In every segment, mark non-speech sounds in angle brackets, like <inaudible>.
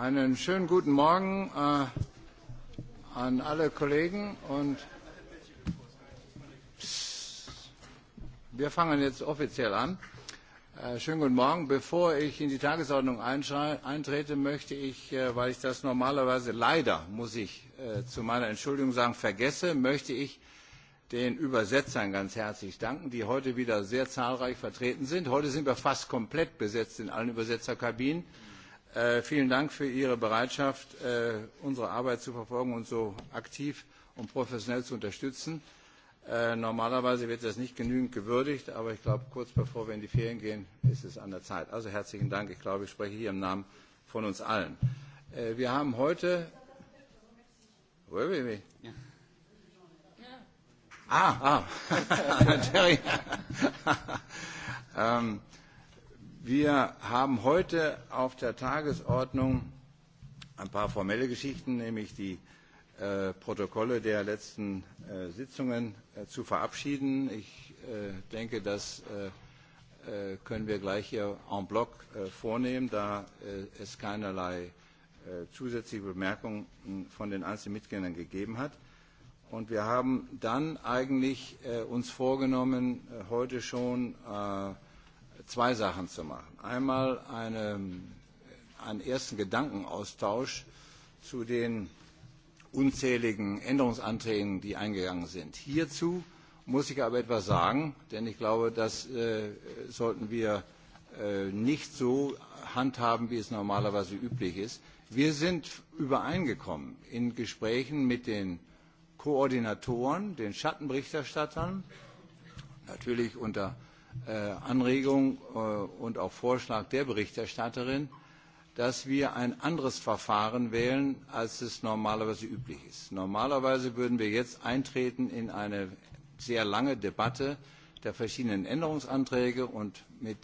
Einen schönen guten Morgen äh, an alle Kollegen und pss, wir fangen jetzt offiziell an. Äh, schönen guten Morgen. Bevor ich in die Tagesordnung eintrete, möchte ich, äh, weil ich das normalerweise leider, muss ich äh, zu meiner Entschuldigung sagen, vergesse, möchte ich den Übersetzern ganz herzlich danken, die heute wieder sehr zahlreich vertreten sind. Heute sind wir fast komplett besetzt in allen Übersetzerkabinen. Mhm Äh, vielen Dank für Ihre Bereitschaft, äh, unsere Arbeit zu verfolgen und so aktiv und professionell zu unterstützen. Äh, normalerweise wird das nicht genügend gewürdigt, aber ich glaube, kurz bevor wir in die Ferien gehen, ist es an der Zeit. Also herzlichen Dank. Ich glaube, ich spreche hier im Namen von uns allen. Äh, wir haben heute. Oui, oui, oui. Ja. Ah, ah. <laughs> <laughs> ähm, Wir haben heute auf der Tagesordnung ein paar formelle Geschichten, nämlich die äh, Protokolle der letzten äh, Sitzungen äh, zu verabschieden. Ich äh, denke, das äh, äh, können wir gleich hier en bloc äh, vornehmen, da äh, es keinerlei äh, zusätzliche Bemerkungen von den einzelnen Mitgliedern gegeben hat. Und wir haben dann eigentlich äh, uns vorgenommen, äh, heute schon äh, zwei Sachen zu machen. Einmal eine, einen ersten Gedankenaustausch zu den unzähligen Änderungsanträgen, die eingegangen sind. Hierzu muss ich aber etwas sagen, denn ich glaube, das äh, sollten wir äh, nicht so handhaben, wie es normalerweise üblich ist. Wir sind übereingekommen in Gesprächen mit den Koordinatoren, den Schattenberichterstattern, natürlich unter Äh, Anregung äh, und auch Vorschlag der Berichterstatterin, dass wir ein anderes Verfahren wählen, als es normalerweise üblich ist. Normalerweise würden wir jetzt eintreten in eine sehr lange Debatte der verschiedenen Änderungsanträge und mit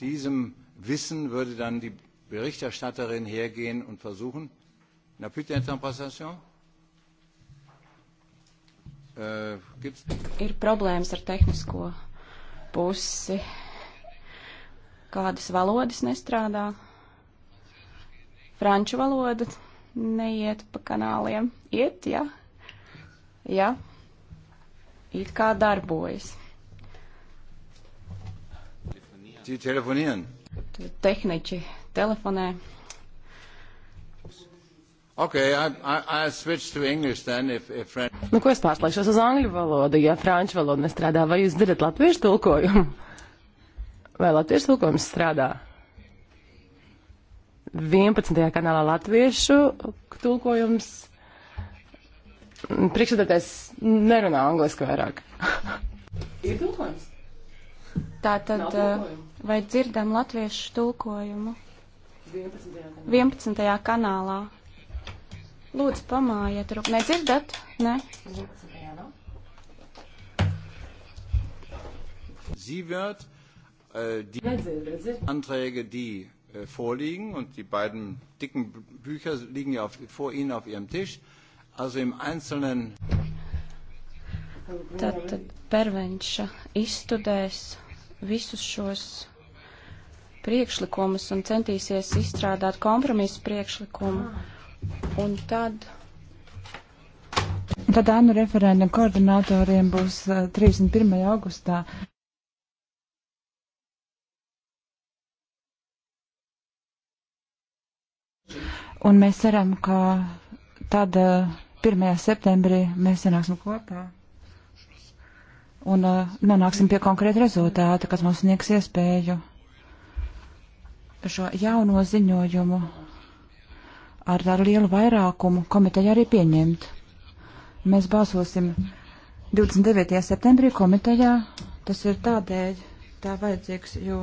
diesem Wissen würde dann die Berichterstatterin hergehen und versuchen, n'a plus d'interprétation? Äh, gibt's? Ir problēmas ar tehnisko pusi. Kādas valodas nestrādā? Franču valoda neiet pa kanāliem. Iet, jā. Ja? Jā. Ja. It kā darbojas. Telefonieren. Tehniķi telefonē. Okay, I, I, I switch to English then, if, if French... Nu, ko es pārslēgšos uz angļu valodu, ja franču valoda nestrādā? Vai jūs dzirdat latviešu tulkojumu? <laughs> Vai latviešu tulkojums strādā? 11. kanālā latviešu tulkojums. Priekšsēdētājs nerunā angliski vairāk. <laughs> Ir tulkojums? Tā tad, eh, vai dzirdam latviešu tulkojumu? 11. kanālā. 11. kanālā. Lūdzu, pamājiet roku. Nedzirdat? Nē. Sie wird äh, die Anträge, die äh, vorliegen, und die beiden dicken Bücher liegen ja auf, vor Ihnen auf Ihrem Tisch, also im Einzelnen. Tātad Pervenša izstudēs visus šos priekšlikumus un centīsies izstrādāt kompromisu priekšlikumu. Ah Un tad. Tad Annu referēna koordinatoriem būs 31. augustā. Un mēs ceram, ka tad 1. septembrī mēs sanāksim kopā un nonāksim pie konkrēta rezultāta, kas mums sniegs iespēju šo jauno ziņojumu ar, ar lielu vairākumu komiteja arī pieņemt. Mēs balsosim 29. septembrī komitejā. Tas ir tādēļ tā vajadzīgs, jo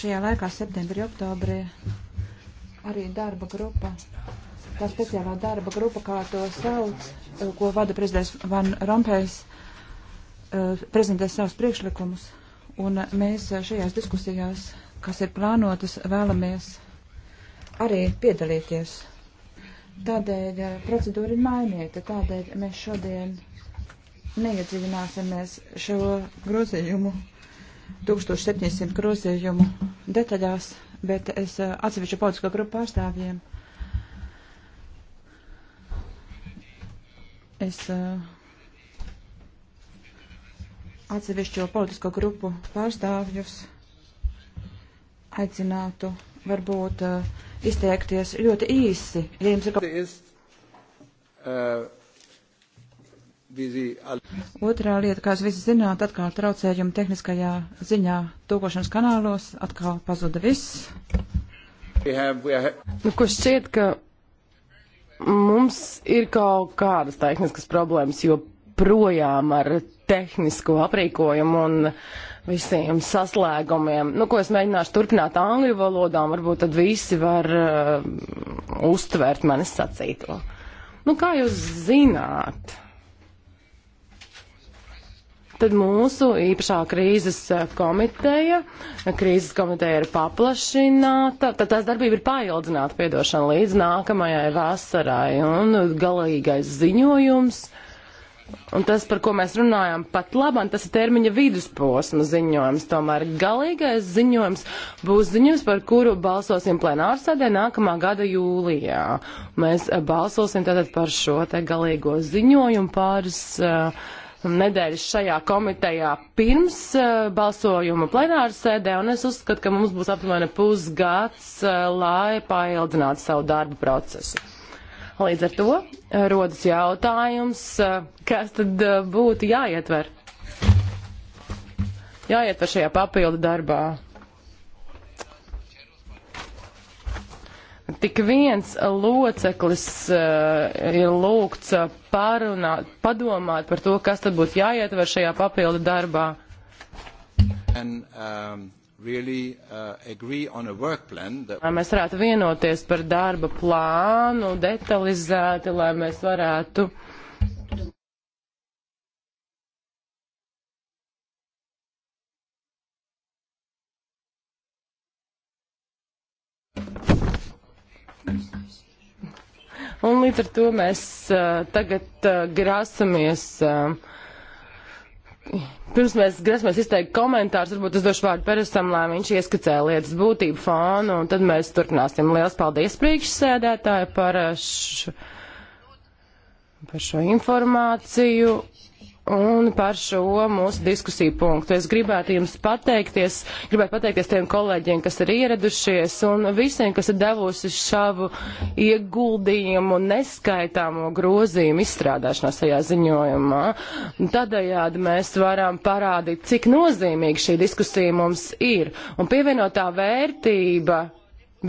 šajā laikā septembrī, oktobrī arī darba grupa, tā speciālā darba grupa, kā to sauc, eh, ko vada prezidents Van Rompējs, eh, prezentēs savus priekšlikumus. Un eh, mēs šajās diskusijās, kas ir plānotas, vēlamies arī piedalīties. Tādēļ eh, procedūra ir mainīta, tādēļ mēs šodien neiedziļināsimies šo grozījumu, 1700 grozījumu detaļās, bet es eh, atsevišķu politisko grupu pārstāvjiem. Es eh, atsevišķo politisko grupu pārstāvjus aicinātu varbūt uh, izteikties ļoti īsi. Ja jums ir kaut... Uh, Otrā lieta, kā jūs visi zināt, atkal traucējumi tehniskajā ziņā tūkošanas kanālos, atkal pazuda viss. We have, we have... Nu, ko šķiet, ka mums ir kaut kādas tehniskas problēmas, jo projām ar tehnisko aprīkojumu un uh, visiem saslēgumiem. Nu, ko es mēģināšu turpināt angļu valodām, varbūt tad visi var uh, uztvert manis sacīto. Nu, kā jūs zināt? Tad mūsu īpašā krīzes uh, komiteja, krīzes komiteja ir paplašināta, tad tās darbība ir paildzināta, piedošana, līdz nākamajai vasarai, un galīgais ziņojums uh, Un tas, par ko mēs runājam pat labam, tas ir termiņa vidusposma ziņojums. Tomēr galīgais ziņojums būs ziņojums, par kuru balsosim plenārsēdē nākamā gada jūlijā. Mēs eh, balsosim tātad par šo te galīgo ziņojumu pāris uh, nedēļas šajā komitejā pirms uh, balsojuma plenārsēdē, un es uzskatu, ka mums būs aptuveni pusgads, uh, lai paildzinātu savu darbu procesu. Līdz ar to eh, rodas jautājums, eh, kas tad eh, būtu jāietver? Jāietver šajā papildu darbā. Tik viens loceklis uh, ir lūgts pārunāt, padomāt par to, kas tad būtu jāietver šajā papildu darbā. And, um... Really, uh, lai mēs varētu vienoties par darba plānu detalizēti, lai mēs varētu. Un līdz ar to mēs uh, tagad uh, grasamies. Uh, pirms mēs grasamies izteikt komentārus, varbūt es došu vārdu Peresam, lai viņš ieskicē lietas būtību fonu, un tad mēs turpināsim. Liels paldies priekšsēdētāji par, š... par šo informāciju, Un par šo mūsu diskusiju punktu. Es gribētu jums pateikties, gribētu pateikties tiem kolēģiem, kas ir ieradušies un visiem, kas ir devusi šavu ieguldījumu neskaitāmo grozījumu izstrādāšanā šajā ziņojumā. Tādējādi mēs varam parādīt, cik nozīmīga šī diskusija mums ir. Un pievienotā vērtība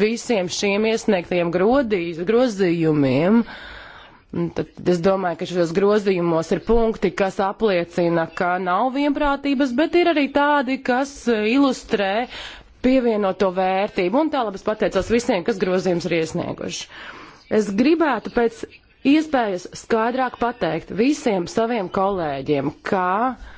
visiem šiem iesniegtajiem grodī, grozījumiem. Uh, Tad es domāju, ka šajos grozījumos ir punkti, kas apliecina, ka nav vienprātības, bet ir arī tādi, kas e, ilustrē pievienoto vērtību. Un tālāk es pateicos visiem, kas grozījums ir iesnieguši. Es gribētu pēc iespējas skaidrāk pateikt visiem saviem kolēģiem, kā ka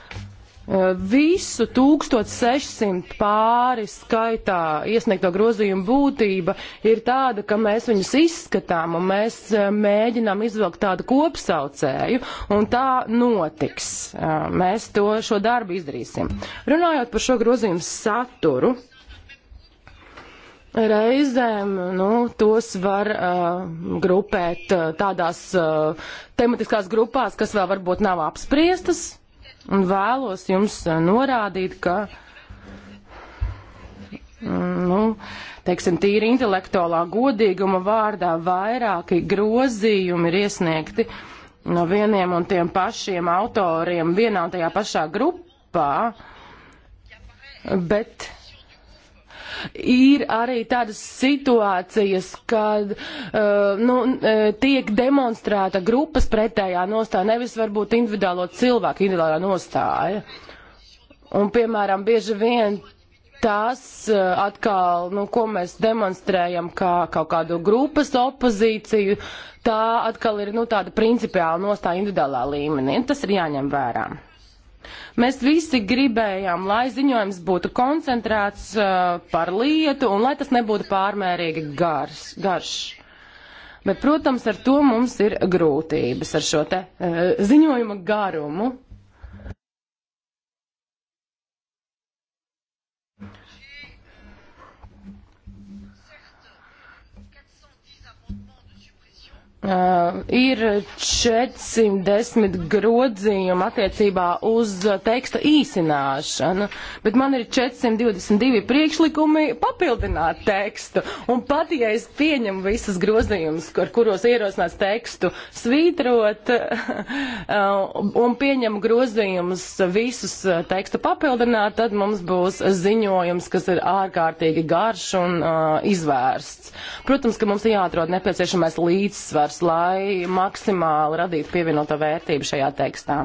Eh, visu 1600 pāri skaitā iesniegto grozījumu būtība ir tāda, ka mēs viņus izskatām un mēs eh, mēģinām izvilkt tādu kopsaucēju, un tā notiks. Eh, mēs to šo darbu izdarīsim. Runājot par šo grozījumu saturu, reizēm nu, tos var uh, grupēt tādās uh, tematiskās grupās, kas vēl varbūt nav apspriestas Un vēlos jums eh, norādīt, ka mm, nu, teiksim, tīri intelektuālā godīguma vārdā vairāki grozījumi ir iesniegti no vieniem un tiem pašiem autoriem vienā un tajā pašā grupā, bet ir arī tādas situācijas, kad uh, nu, uh, tiek demonstrēta grupas pretējā nostāja, nevis varbūt individuālo cilvēku individuālā nostāja. Un, piemēram, bieži vien tas uh, atkal, nu, ko mēs demonstrējam kā kaut kādu grupas opozīciju, tā atkal ir, nu, tāda principiāla nostāja individuālā līmenī. Tas ir jāņem vērā. Mēs visi gribējām, lai ziņojums būtu koncentrēts uh, par lietu un lai tas nebūtu pārmērīgi gars, garš. Bet, protams, ar to mums ir grūtības, ar šo te uh, ziņojuma garumu. Uh, ir 410 grozījumi attiecībā uz teksta īsināšanu, bet man ir 422 priekšlikumi papildināt tekstu. Un pat ja es pieņemu visas grozījumus, ar kuros ierosināts tekstu svītrot, <laughs> uh, un pieņemu grozījumus visus tekstu papildināt, tad mums būs ziņojums, kas ir ārkārtīgi garš un uh, izvērsts. Protams, ka mums ir jāatrod nepieciešamais līdzsvars komentārus, lai maksimāli radītu pievienoto vērtību šajā tekstā.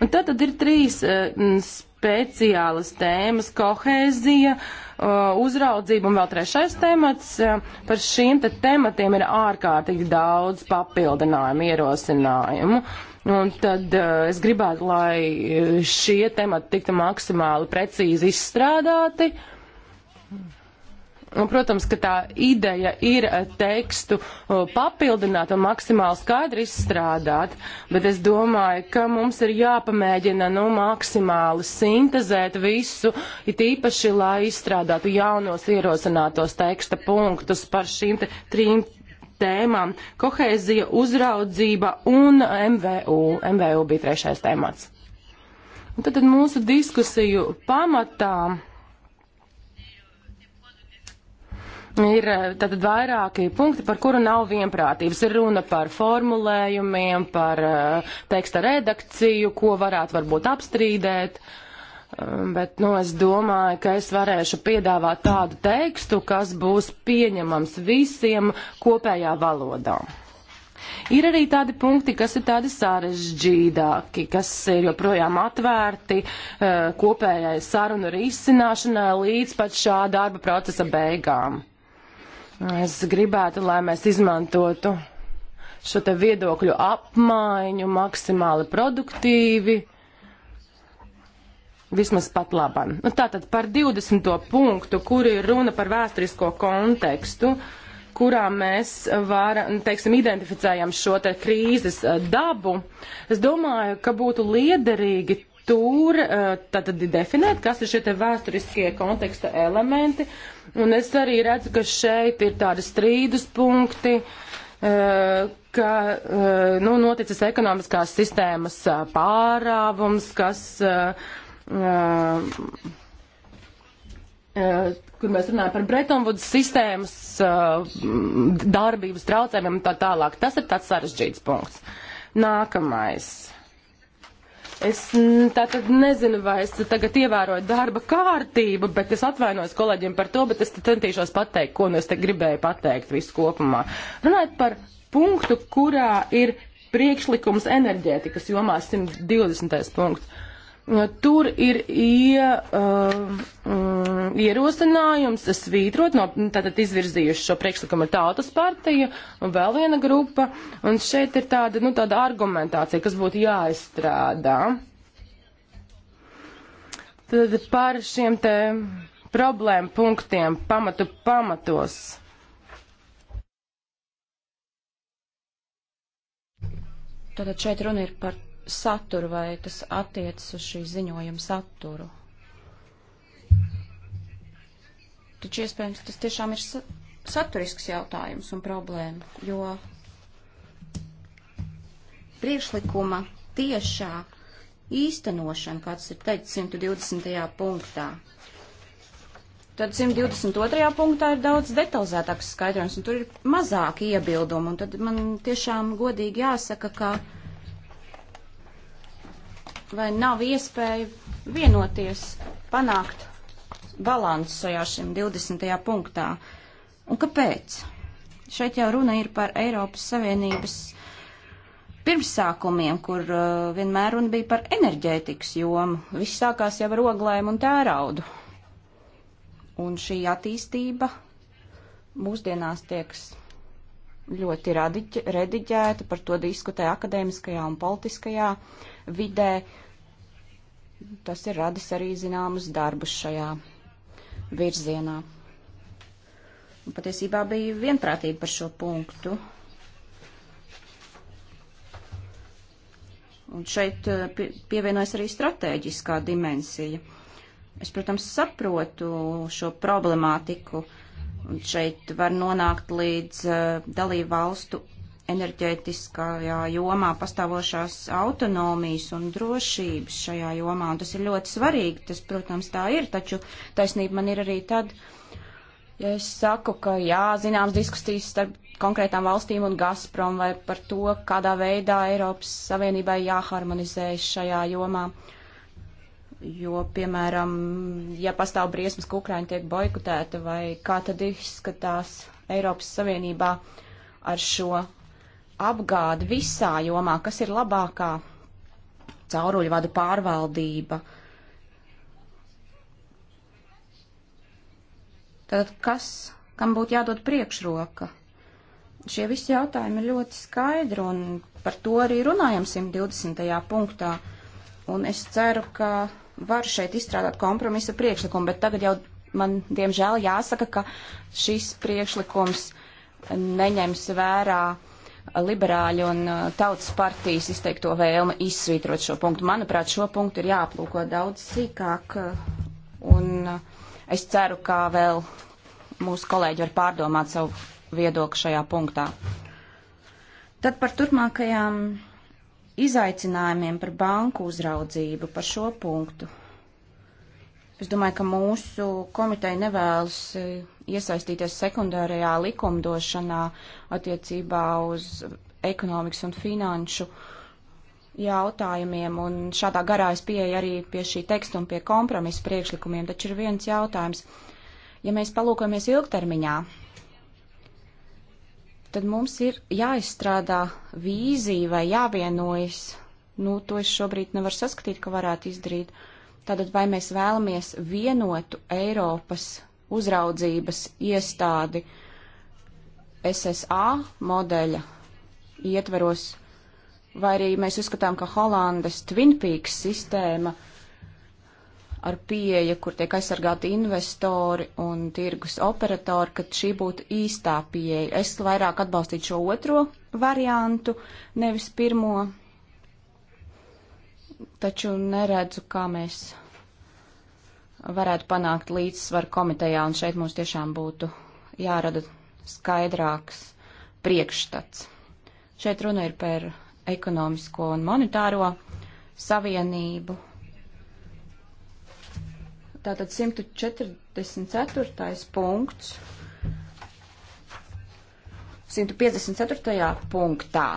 Un tad, tad ir trīs eh, speciālas tēmas - kohēzija, eh, uzraudzība un vēl trešais temats. Eh, par šiem te tematiem ir ārkārtīgi daudz papildinājumu, ierosinājumu. Un tad es gribētu, lai šie temati tiktu maksimāli precīzi izstrādāti. Un, protams, ka tā ideja ir eh, tekstu papildināt un maksimāli skaidri izstrādāt, bet es domāju, ka mums ir jāpamēģina nu, maksimāli sintezēt visu, it īpaši, lai izstrādātu jaunos ierosinātos teksta punktus par šīm trim tēmām - kohēzija, uzraudzība un MVU. MVU bija trešais temats. Un tad, tad mūsu diskusiju pamatām Ir eh, tātad vairāki punkti, par kuru nav vienprātības. Ir runa par formulējumiem, par uh, teksta redakciju, ko varētu varbūt apstrīdēt. Um, bet nu, es domāju, ka es varēšu piedāvāt tādu tekstu, kas būs pieņemams visiem kopējā valodā. Ir arī tādi punkti, kas ir tādi sarežģītāki, kas ir joprojām atvērti uh, kopējai sarunu risināšanai līdz pat šā darba procesa beigām. Es gribētu, lai mēs izmantotu šo te viedokļu apmaiņu maksimāli produktīvi, vismaz pat labam. Nu, tātad par 20. punktu, kur ir runa par vēsturisko kontekstu, kurā mēs var, teiksim, identificējam šo te krīzes eh, dabu, es domāju, ka būtu liederīgi tur tātad eh, definēt, kas ir šie te vēsturiskie konteksta elementi. Un es arī redzu, ka šeit ir tādi strīdus punkti, eh, ka eh, nu, noticis ekonomiskās sistēmas pārāvums, kas, kur mēs runājam par Bretonvudas sistēmas darbības traucējumiem un tā tālāk. Tas ir tāds sarežģīts punkts. Nākamais Es tātad nezinu, vai es tagad ievēroju darba kārtību, bet es atvainojos kolēģiem par to, bet es centīšos pateikt, ko nu es te gribēju pateikt visu kopumā. Runājot par punktu, kurā ir priekšlikums enerģētikas jomā 120. punkts. Uh, tur ir ie, um, ierosinājums svītrot, no, tātad izvirzījuši šo priekšlikumu ir tautas partija un vēl viena grupa, un šeit ir tāda, nu, tāda argumentācija, kas būtu jāizstrādā. Tad par šiem te problēmu punktiem pamatu pamatos. Tātad šeit runa ir par saturu vai tas attiecas uz šī ziņojuma saturu. Taču iespējams tas tiešām ir saturisks jautājums un problēma, jo priekšlikuma tiešā īstenošana, kāds ir teicis 120. punktā. Tad 122. punktā ir daudz detalizētāks skaidrojums, un tur ir mazāk iebildumu, un tad man tiešām godīgi jāsaka, ka vai nav iespēja vienoties, panākt balansu šajā šim 20. punktā. Un kāpēc? Šeit jau runa ir par Eiropas Savienības pirmsākumiem, kur uh, vienmēr runa bija par enerģētikas jomu. Viss sākās jau ar oglēm un tēraudu. Un šī attīstība mūsdienās tiek ļoti rediģēta, par to diskutē akadēmiskajā un politiskajā uh, vidē. Tas ir radis arī zināmus darbus šajā virzienā. Un patiesībā bija vienprātība par šo punktu. Un šeit eh, pievienojas arī strateģiskā dimensija. Es, protams, saprotu šo problemātiku, un šeit var nonākt līdz eh, dalību valstu enerģētiskajā jomā pastāvošās autonomijas un drošības šajā jomā, un tas ir ļoti svarīgi, tas, protams, tā ir, taču taisnība man ir arī tad, ja es saku, ka jā, zināms, diskusijas starp konkrētām valstīm un Gazprom vai par to, kādā veidā Eiropas Savienībai jāharmonizējas šajā jomā. Jo, piemēram, ja pastāv briesmas, ka Ukraina tiek boikotēta, vai kā tad izskatās Eiropas Savienībā ar šo apgādi visā jomā, kas ir labākā cauruļvadu pārvaldība. Tad kas, kam būtu jādod priekšroka? Šie visi jautājumi ir ļoti skaidri, un par to arī runājam 120. punktā. Un es ceru, ka varu šeit izstrādāt kompromisa priekšlikumu, bet tagad jau man, diemžēl, jāsaka, ka šis priekšlikums neņems vērā uh, liberāļu un uh, tautas partijas izteikto vēlmi izsvītrot šo punktu. Manuprāt, šo punktu ir jāaplūko daudz sīkāk, uh, un uh, es ceru, ka vēl mūsu kolēģi var pārdomāt savu viedokli šajā punktā. Tad par turpmākajām izaicinājumiem par banku uzraudzību, par šo punktu. Es domāju, ka mūsu komiteja nevēlas e, iesaistīties sekundārajā likumdošanā attiecībā uz ekonomikas un finanšu jautājumiem, un šādā garā es pieeju arī pie šī teksta un pie kompromisa priekšlikumiem, taču ir viens jautājums. Ja mēs palūkojamies ilgtermiņā, tad mums ir jāizstrādā vīzija vai jāvienojas. Nu, to es šobrīd nevaru saskatīt, ka varētu izdarīt. Uh, Tātad vai mēs vēlamies vienotu Eiropas uzraudzības iestādi SSA modeļa ietveros, vai arī mēs uzskatām, ka Holandes Twin Peaks sistēma ar pieeja, kur tiek aizsargāti investori un tirgus operatori, ka šī būtu īstā pieeja. Es vairāk atbalstītu šo otro variantu, nevis pirmo taču neredzu, kā mēs varētu panākt līdzsvaru komitejā, un šeit mums tiešām būtu jārada skaidrāks priekšstats. Šeit runa ir par ekonomisko un monetāro savienību. Tātad 144. punkts. 154. punktā.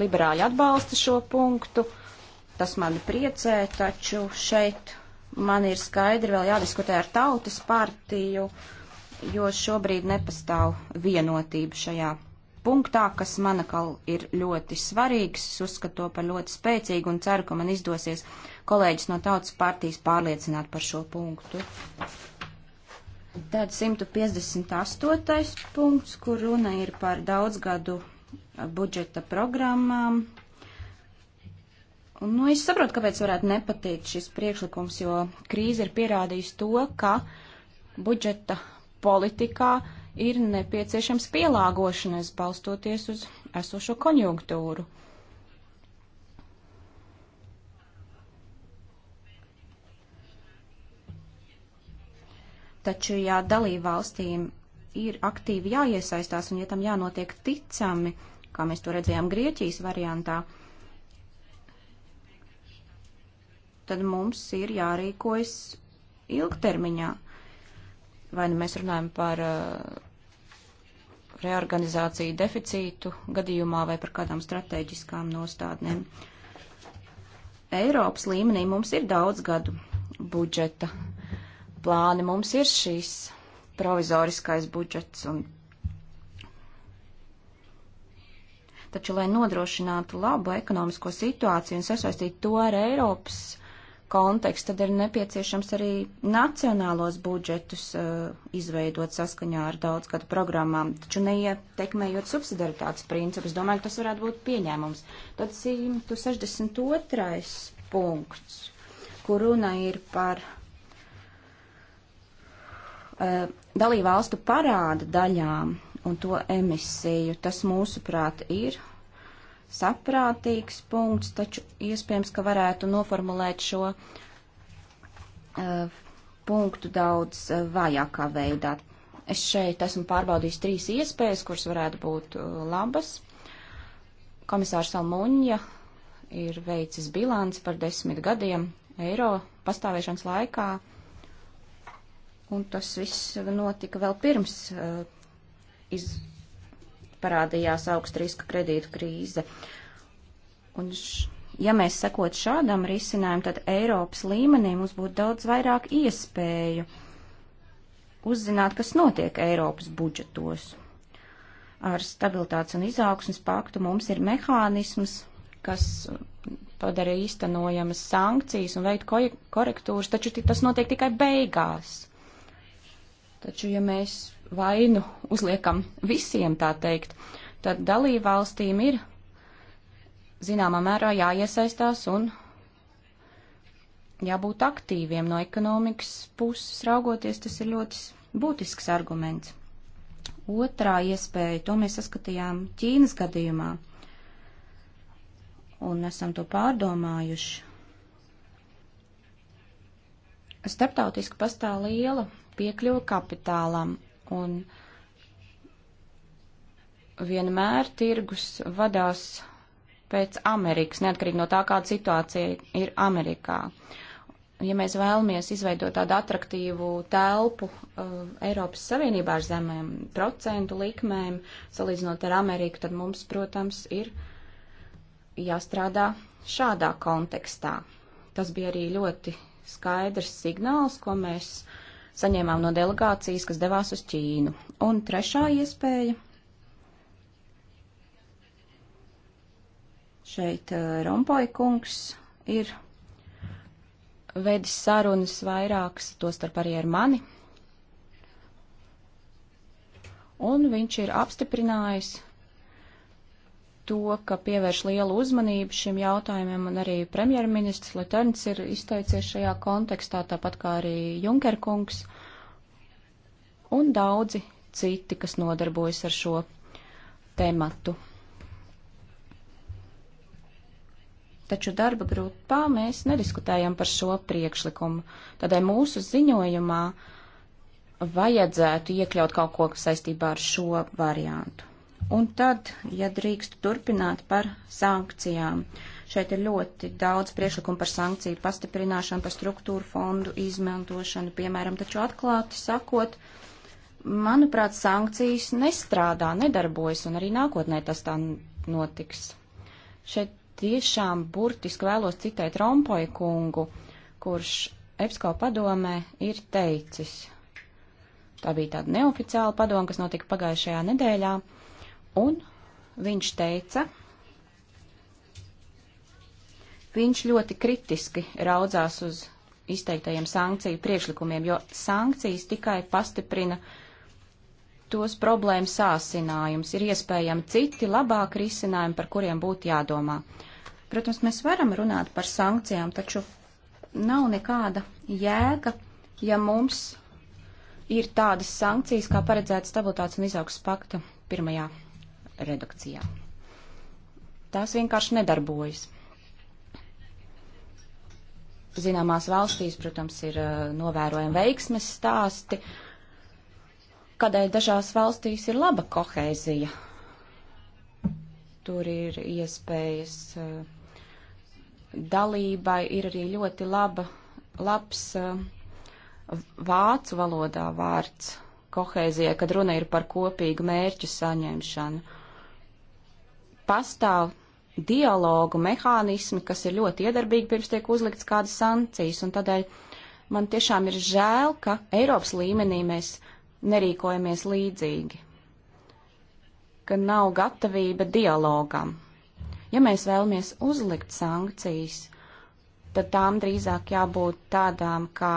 Liberāļi atbalsta šo punktu, tas mani priecē, taču šeit man ir skaidri vēl jādiskutē ar tautas partiju, jo šobrīd nepastāv vienotība šajā punktā, kas manakal ir ļoti svarīgs. Es uzskatu to par ļoti spēcīgu un ceru, ka man izdosies kolēģis no tautas partijas pārliecināt par šo punktu. Tad 158. punkts, kur runa ir par daudzgadu budžeta programmām Un, nu, es saprotu, kāpēc varētu nepatikt šis priekšlikums, jo krīze ir pierādījusi to, ka budžeta politikā ir nepieciešams pielāgošanās balstoties uz esošo konjunktūru. Taču, ja dalībvalstīm ir aktīvi jāiesaistās un ja tam jānotiek ticami, kā mēs to redzējām Grieķijas variantā, uh, tad mums ir jārīkojas ilgtermiņā. Vai nu mēs runājam par uh, reorganizāciju deficītu gadījumā vai par kādām strateģiskām nostādnēm. Eiropas līmenī mums ir daudz gadu budžeta plāni, mums ir šīs provizoriskais budžets un taču, lai nodrošinātu labu ekonomisko situāciju un sasaistītu to ar Eiropas konteksts, tad ir nepieciešams arī nacionālos budžetus uh, izveidot saskaņā ar daudzgadu programmām, taču neietekmējot subsidaritātes principus. Domāju, ka tas varētu būt pieņēmums. Tad 162. punkts, kur runa ir par uh, eh, dalībvalstu parāda daļām un to emisiju, tas mūsuprāt ir saprātīgs punkts, taču iespējams, ka varētu noformulēt šo uh, punktu daudz uh, eh, vajākā veidā. Es šeit esmu pārbaudījis trīs iespējas, kuras varētu būt uh, labas. Komisārs Almuņa ir veicis bilanci par desmit gadiem eiro pastāvēšanas laikā, un tas viss notika vēl pirms uh, iz, parādījās augsta riska kredītu krīze. Un š, ja mēs sekot šādam risinājumam, tad Eiropas līmenī mums būtu daudz vairāk iespēju uzzināt, kas notiek Eiropas budžetos. Ar stabilitātes un izaugsmas paktu mums ir mehānisms, kas padara īstenojamas sankcijas un veidu korektūras, taču tas notiek tikai beigās. Taču, ja mēs vainu uzliekam visiem, tā teikt, tad dalībvalstīm ir zināmā mērā jāiesaistās un jābūt aktīviem no ekonomikas puses raugoties, tas ir ļoti būtisks arguments. Otrā iespēja, to mēs saskatījām Ķīnas gadījumā, un esam to pārdomājuši. Starptautiski pastāv liela piekļuva kapitālam, un vienmēr tirgus vadās pēc Amerikas, neatkarīgi no tā, kāda situācija ir Amerikā. Ja mēs vēlamies izveidot tādu atraktīvu telpu uh, Eiropas Savienībā ar zemēm procentu likmēm, salīdzinot ar Ameriku, tad mums, protams, ir jāstrādā šādā kontekstā. Tas bija arī ļoti skaidrs signāls, ko mēs uh, saņēmām no delegācijas, kas devās uz Ķīnu. Un trešā iespēja šeit uh, Rompoja kungs ir vedis sarunas vairākas, tostarp arī ar mani. Un viņš ir apstiprinājis to, ka pievērš lielu uzmanību šim jautājumam, un arī premjerministrs Leterns ir izteicies šajā kontekstā, tāpat kā arī Junker kungs un daudzi citi, kas nodarbojas ar šo tematu. Taču darba grupā mēs nediskutējam par šo priekšlikumu. Tādēļ mūsu ziņojumā vajadzētu iekļaut kaut ko saistībā ar šo variantu. Un tad, ja drīkstu turpināt par sankcijām. Šeit ir ļoti daudz priešlikumu par sankciju pastiprināšanu, par struktūru fondu izmantošanu, piemēram, taču atklāti sakot, manuprāt, sankcijas nestrādā, nedarbojas, un arī nākotnē tas tā notiks. Šeit tiešām burtiski vēlos citēt Rompoja kungu, kurš EPSCO padomē ir teicis. Tā bija tāda neoficiāla padoma, kas notika pagājušajā nedēļā. Uh, Un viņš teica, viņš ļoti kritiski raudzās uz izteiktajiem sankciju priekšlikumiem, jo sankcijas tikai pastiprina tos problēmu sāsinājums. Ir iespējami citi labāki risinājumi, par kuriem būtu jādomā. Protams, mēs varam runāt par sankcijām, taču nav nekāda jēga, ja mums ir tādas sankcijas, kā paredzēta stabilitātes un izaugsmas pakta pirmajā redakcijā. Tās vienkārši nedarbojas. Zināmās valstīs, protams, ir uh, novērojami veiksmes stāsti, kādēļ dažās valstīs ir laba kohēzija. Tur ir iespējas uh, dalībai, ir arī ļoti laba, labs uh, vācu valodā vārds kohēzijai, kad runa ir par kopīgu mērķu saņemšanu pastāv dialogu mehānismi, kas ir ļoti iedarbīgi pirms tiek uzlikts kādas sankcijas, un tādēļ man tiešām ir žēl, ka Eiropas līmenī mēs nerīkojamies līdzīgi, ka nav gatavība dialogam. Ja mēs vēlamies uzlikt sankcijas, tad tām drīzāk jābūt tādām kā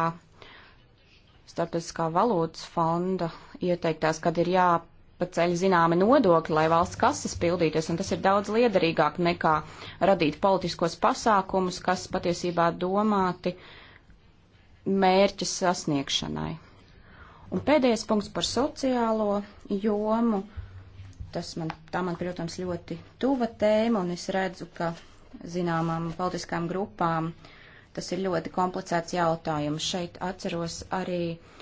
Starptautiskā valūtas fonda ieteiktās, kad ir jāpārāk jāpaceļ zināmi nodokļi, lai valsts kases pildītos, un tas ir daudz liederīgāk nekā radīt politiskos pasākumus, kas patiesībā domāti mērķa sasniegšanai. Un pēdējais punkts par sociālo jomu. Tas man, tā man, protams, ļoti tuva tēma, un es redzu, ka zināmām politiskām grupām tas ir ļoti komplicēts jautājums. Šeit atceros arī uh,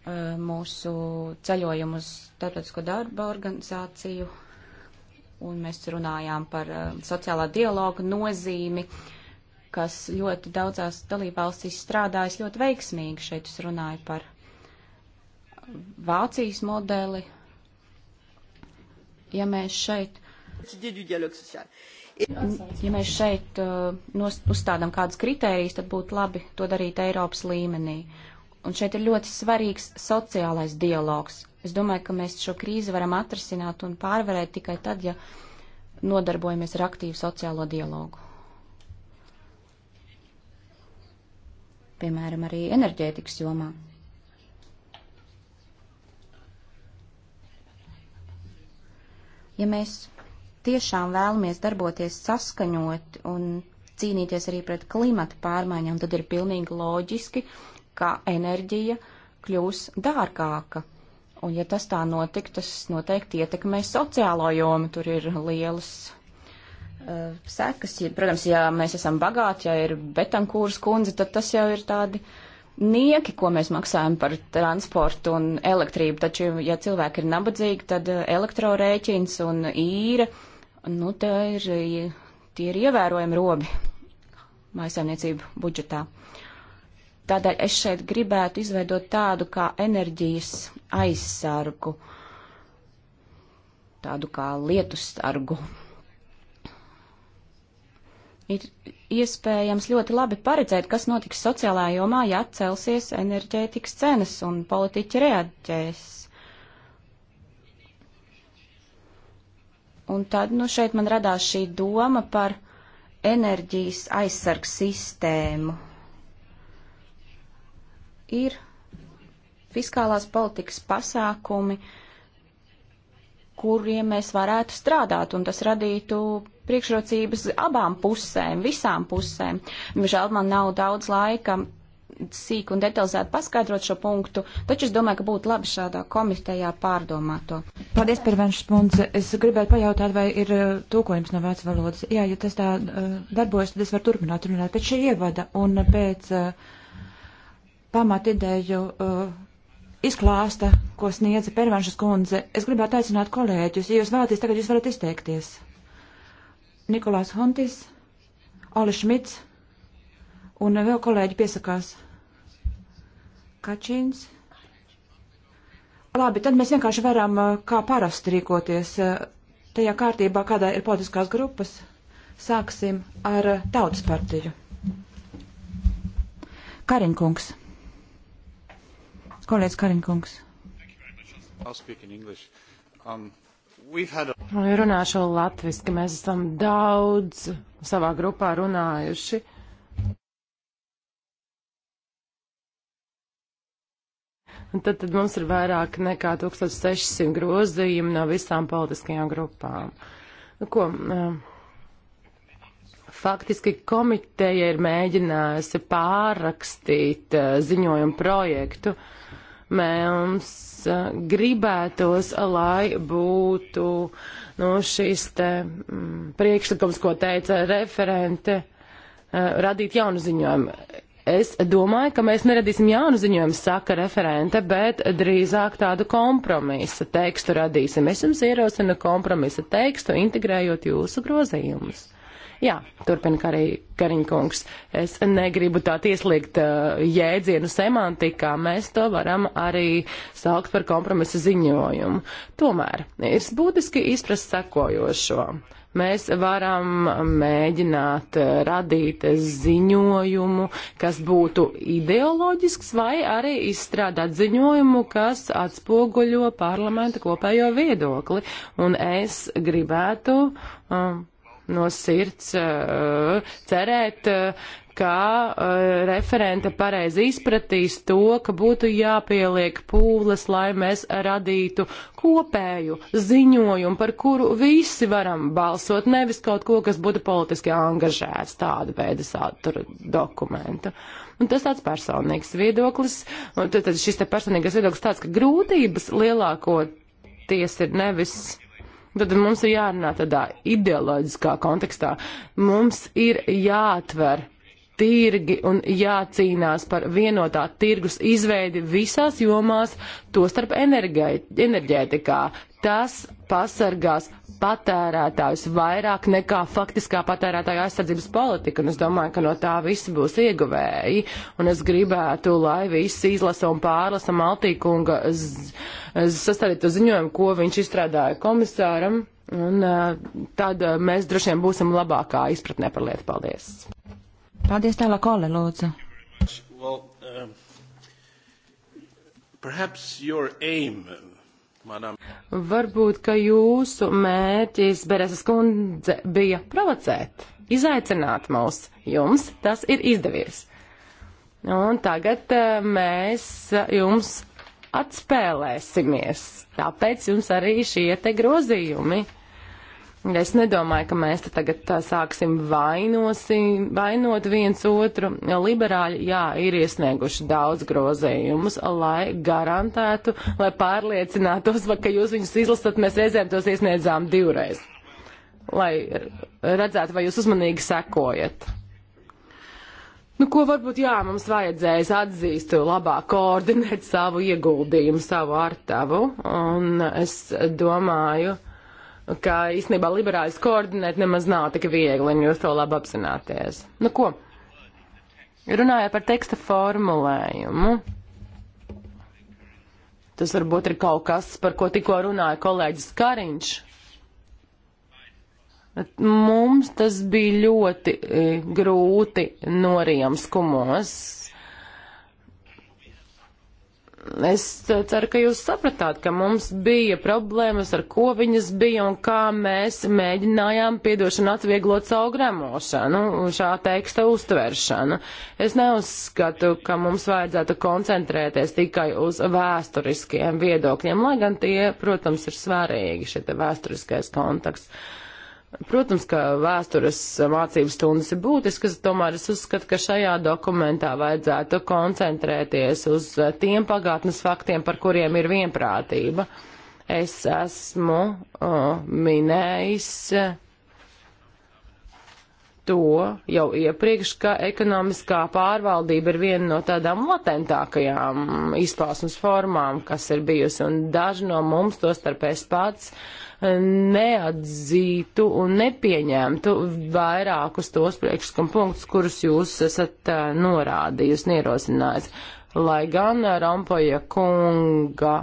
Uh, mūsu ceļojumu uz Starptautisko darba organizāciju, un mēs runājām par uh, sociālā dialoga nozīmi, kas ļoti daudzās dalībvalstīs strādājas ļoti veiksmīgi. Šeit es runāju par Vācijas modeli. Ja mēs šeit ja mēs šeit uh, nostādām kādus kritērijus, tad būtu labi to darīt Eiropas līmenī. Un šeit ir ļoti svarīgs sociālais dialogs. Es domāju, ka mēs šo krīzi varam atrisināt un pārvarēt tikai tad, ja nodarbojamies ar aktīvu sociālo dialogu. Piemēram, arī enerģētikas jomā. Ja mēs tiešām vēlamies darboties saskaņot un cīnīties arī pret klimata pārmaiņām, tad ir pilnīgi loģiski ka enerģija kļūs dārgāka. Un ja tas tā notik, tas noteikti ietekmēs sociālo jomu, tur ir lielas uh, sekas. Ja, protams, ja mēs esam bagāti, ja ir betankūras kundze, tad tas jau ir tādi nieki, ko mēs maksājam par transportu un elektrību. Taču, ja cilvēki ir nabadzīgi, tad uh, elektrorēķins un īra, nu, tie ir, tie ir ievērojami robi mājasēmniecību budžetā. Tādēļ es šeit gribētu izveidot tādu kā enerģijas aizsargu, tādu kā lietussargu. Ir iespējams ļoti labi paredzēt, kas notiks sociālā jomā, ja atcelsies enerģētikas cenas un politiķi reaģēs. Un tad, nu, šeit man radās šī doma par enerģijas aizsargs sistēmu ir fiskālās politikas pasākumi, kuriem mēs varētu strādāt, un tas radītu priekšrocības abām pusēm, visām pusēm. Žēl man nav daudz laika sīk un detalizēti paskaidrot šo punktu, taču es domāju, ka būtu labi šādā komitejā pārdomāt to. Paldies, Pervenšs Punce. Es gribētu pajautāt, vai ir eh, tūkojums no vācu valodas. Jā, ja tas tā eh, darbojas, tad es varu turpināt runāt pēc šī ievada un pēc. Uh, pamatideju uh, izklāsta, ko sniedza Pervanšas kundze. Es gribētu aicināt kolēģus, ja jūs vēlaties, tagad jūs varat izteikties. Nikolās Hontis, Ole Šmits un vēl kolēģi piesakās. Kačins. Labi, tad mēs vienkārši varam uh, kā parasti rīkoties uh, tajā kārtībā, kādā ir politiskās grupas. Sāksim ar tautas partiju. Karinkungs kolēģis Karinkungs. Um, a... Nu, runāšu latviski, mēs esam daudz savā grupā runājuši. Un tad, tad mums ir vairāk nekā 1600 grozījumi no visām politiskajām grupām. Nu, ko, um, faktiski komiteja ir mēģinājusi pārrakstīt uh, ziņojumu projektu. Uh, Mums eh, gribētos, lai būtu no nu, šis te mm, priekšlikums, ko teica referente, eh, radīt jaunu ziņojumu. Es domāju, ka mēs neradīsim jaunu ziņojumu, saka referente, bet drīzāk tādu kompromisa tekstu radīsim. Es jums ierosinu kompromisa tekstu, integrējot jūsu grozījumus. Jā, turpina arī Kariņkungs. Es negribu tā ieslīgt uh, jēdzienu semantikā, mēs to varam arī saukt par kompromisa ziņojumu. Tomēr ir būtiski izprast sekojošo mēs varam mēģināt uh, radīt ziņojumu, kas būtu ideoloģisks, vai arī izstrādāt ziņojumu, kas atspoguļo parlamenta kopējo viedokli. Un es gribētu um, no sirds eh, cerēt, kā uh, eh, eh, referente pareizi izpratīs to, ka būtu jāpieliek pūles, lai mēs radītu kopēju ziņojumu, par kuru visi varam balsot, nevis kaut ko, kas būtu politiski angažēts tādu veidu satura dokumentu. Un tas tāds personīgs viedoklis, un tad, tad šis te personīgais viedoklis tāds, ka grūtības lielākoties ir nevis Tad mums ir jārunā tādā ideoloģiskā kontekstā. Mums ir jāatver tirgi un jācīnās par vienotā tirgus izveidi visās jomās, tostarp enerģētikā. Tas pasargās patērētājus vairāk nekā faktiskā patērētāja aizsardzības politika, un es domāju, ka no tā visi būs ieguvēji, un es gribētu, lai visi izlasa un pārlasa Maltīkunga sastādītu ziņojumu, ko viņš izstrādāja komisāram, un tad mēs droši vien būsim labākā izpratnē par lietu. Paldies! Paldies tālāk, Ole, lūdzu! Well, um, perhaps your aim Manam. Varbūt, ka jūsu mērķis, Bereses kundze, bija provocēt, izaicināt mūs. Jums tas ir izdevies. Un tagad eh, mēs jums atspēlēsimies. Tāpēc jums arī šie te grozījumi Es nedomāju, ka mēs te tagad tā sāksim vainosim, vainot viens otru. Liberāļi, jā, ir iesnieguši daudz grozējumus, lai garantētu, lai pārliecinātos, vai, ka jūs viņus izlasat, mēs reizēm tos iesniedzām divreiz, lai redzētu, vai jūs uzmanīgi sekojat. Nu, ko varbūt, jā, mums vajadzēs atzīst labāk koordinēt savu ieguldījumu, savu artavu, un es domāju, ka īstenībā liberāļus koordinēt nemaz nav tik viegli, un jūs to labi apzināties. Nu ko, runājot par teksta formulējumu, tas varbūt ir kaut kas, par ko tikko runāja kolēģis Kariņš. Mums tas bija ļoti eh, grūti norijams kumos, Es ceru, ka jūs sapratāt, ka mums bija problēmas, ar ko viņas bija un kā mēs mēģinājām piedošanu atvieglot savu gramošanu un šā teksta uztveršanu. Es neuzskatu, ka mums vajadzētu koncentrēties tikai uz vēsturiskiem viedokļiem, lai gan tie, protams, ir svarīgi, šie vēsturiskais konteksts. Protams, ka vēstures mācības stundas ir būtiskas, tomēr es uzskatu, ka šajā dokumentā vajadzētu koncentrēties uz tiem pagātnes faktiem, par kuriem ir vienprātība. Es esmu uh, minējis e, to jau iepriekš, ka ekonomiskā pārvaldība ir viena no tādām latentākajām izpausmas formām, kas ir bijusi, un daži no mums, to starp es pats, uh, neatzītu un nepieņemtu vairākus tos priekšskam punktus, kurus jūs esat norādījusi un ierosinājusi. Lai gan Rampoja kunga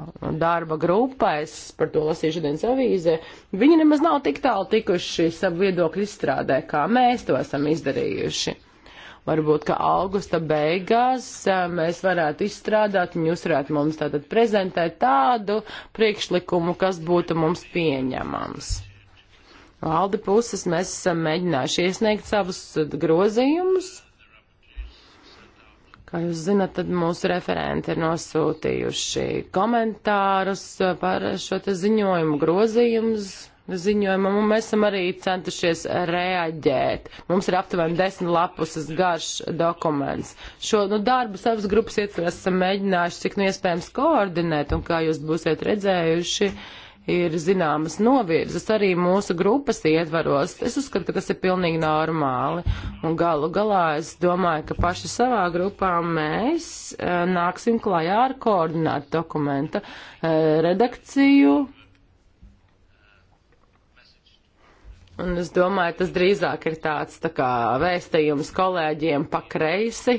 darba grupā, es par to lasīju šodienas avīzē, viņi nemaz nav tik tālu tikuši savu viedokļu izstrādē, kā mēs to esam izdarījuši varbūt, ka augusta beigās mēs varētu izstrādāt un jūs varētu mums tātad prezentēt tādu priekšlikumu, kas būtu mums pieņemams. Valdi puses mēs esam mēģinājuši iesniegt savus grozījumus. Kā jūs zinat, tad mūsu referenti ir nosūtījuši komentārus par šo te ziņojumu grozījumus ziņojumam, un mēs esam arī centušies reaģēt. Mums ir aptuveni desmit lapuses garš dokuments. Šo nu, darbu savas grupas ietvaros esam mēģinājuši cik nu iespējams koordinēt, un kā jūs būsiet redzējuši, ir zināmas novirzes arī mūsu grupas ietvaros. Es uzskatu, ka tas ir pilnīgi normāli, un galu galā es domāju, ka paši savā grupā mēs eh, nāksim klajā ar koordinātu dokumenta eh, redakciju Un es domāju, tas drīzāk ir tāds tā kā vēstījums kolēģiem pa kreisi,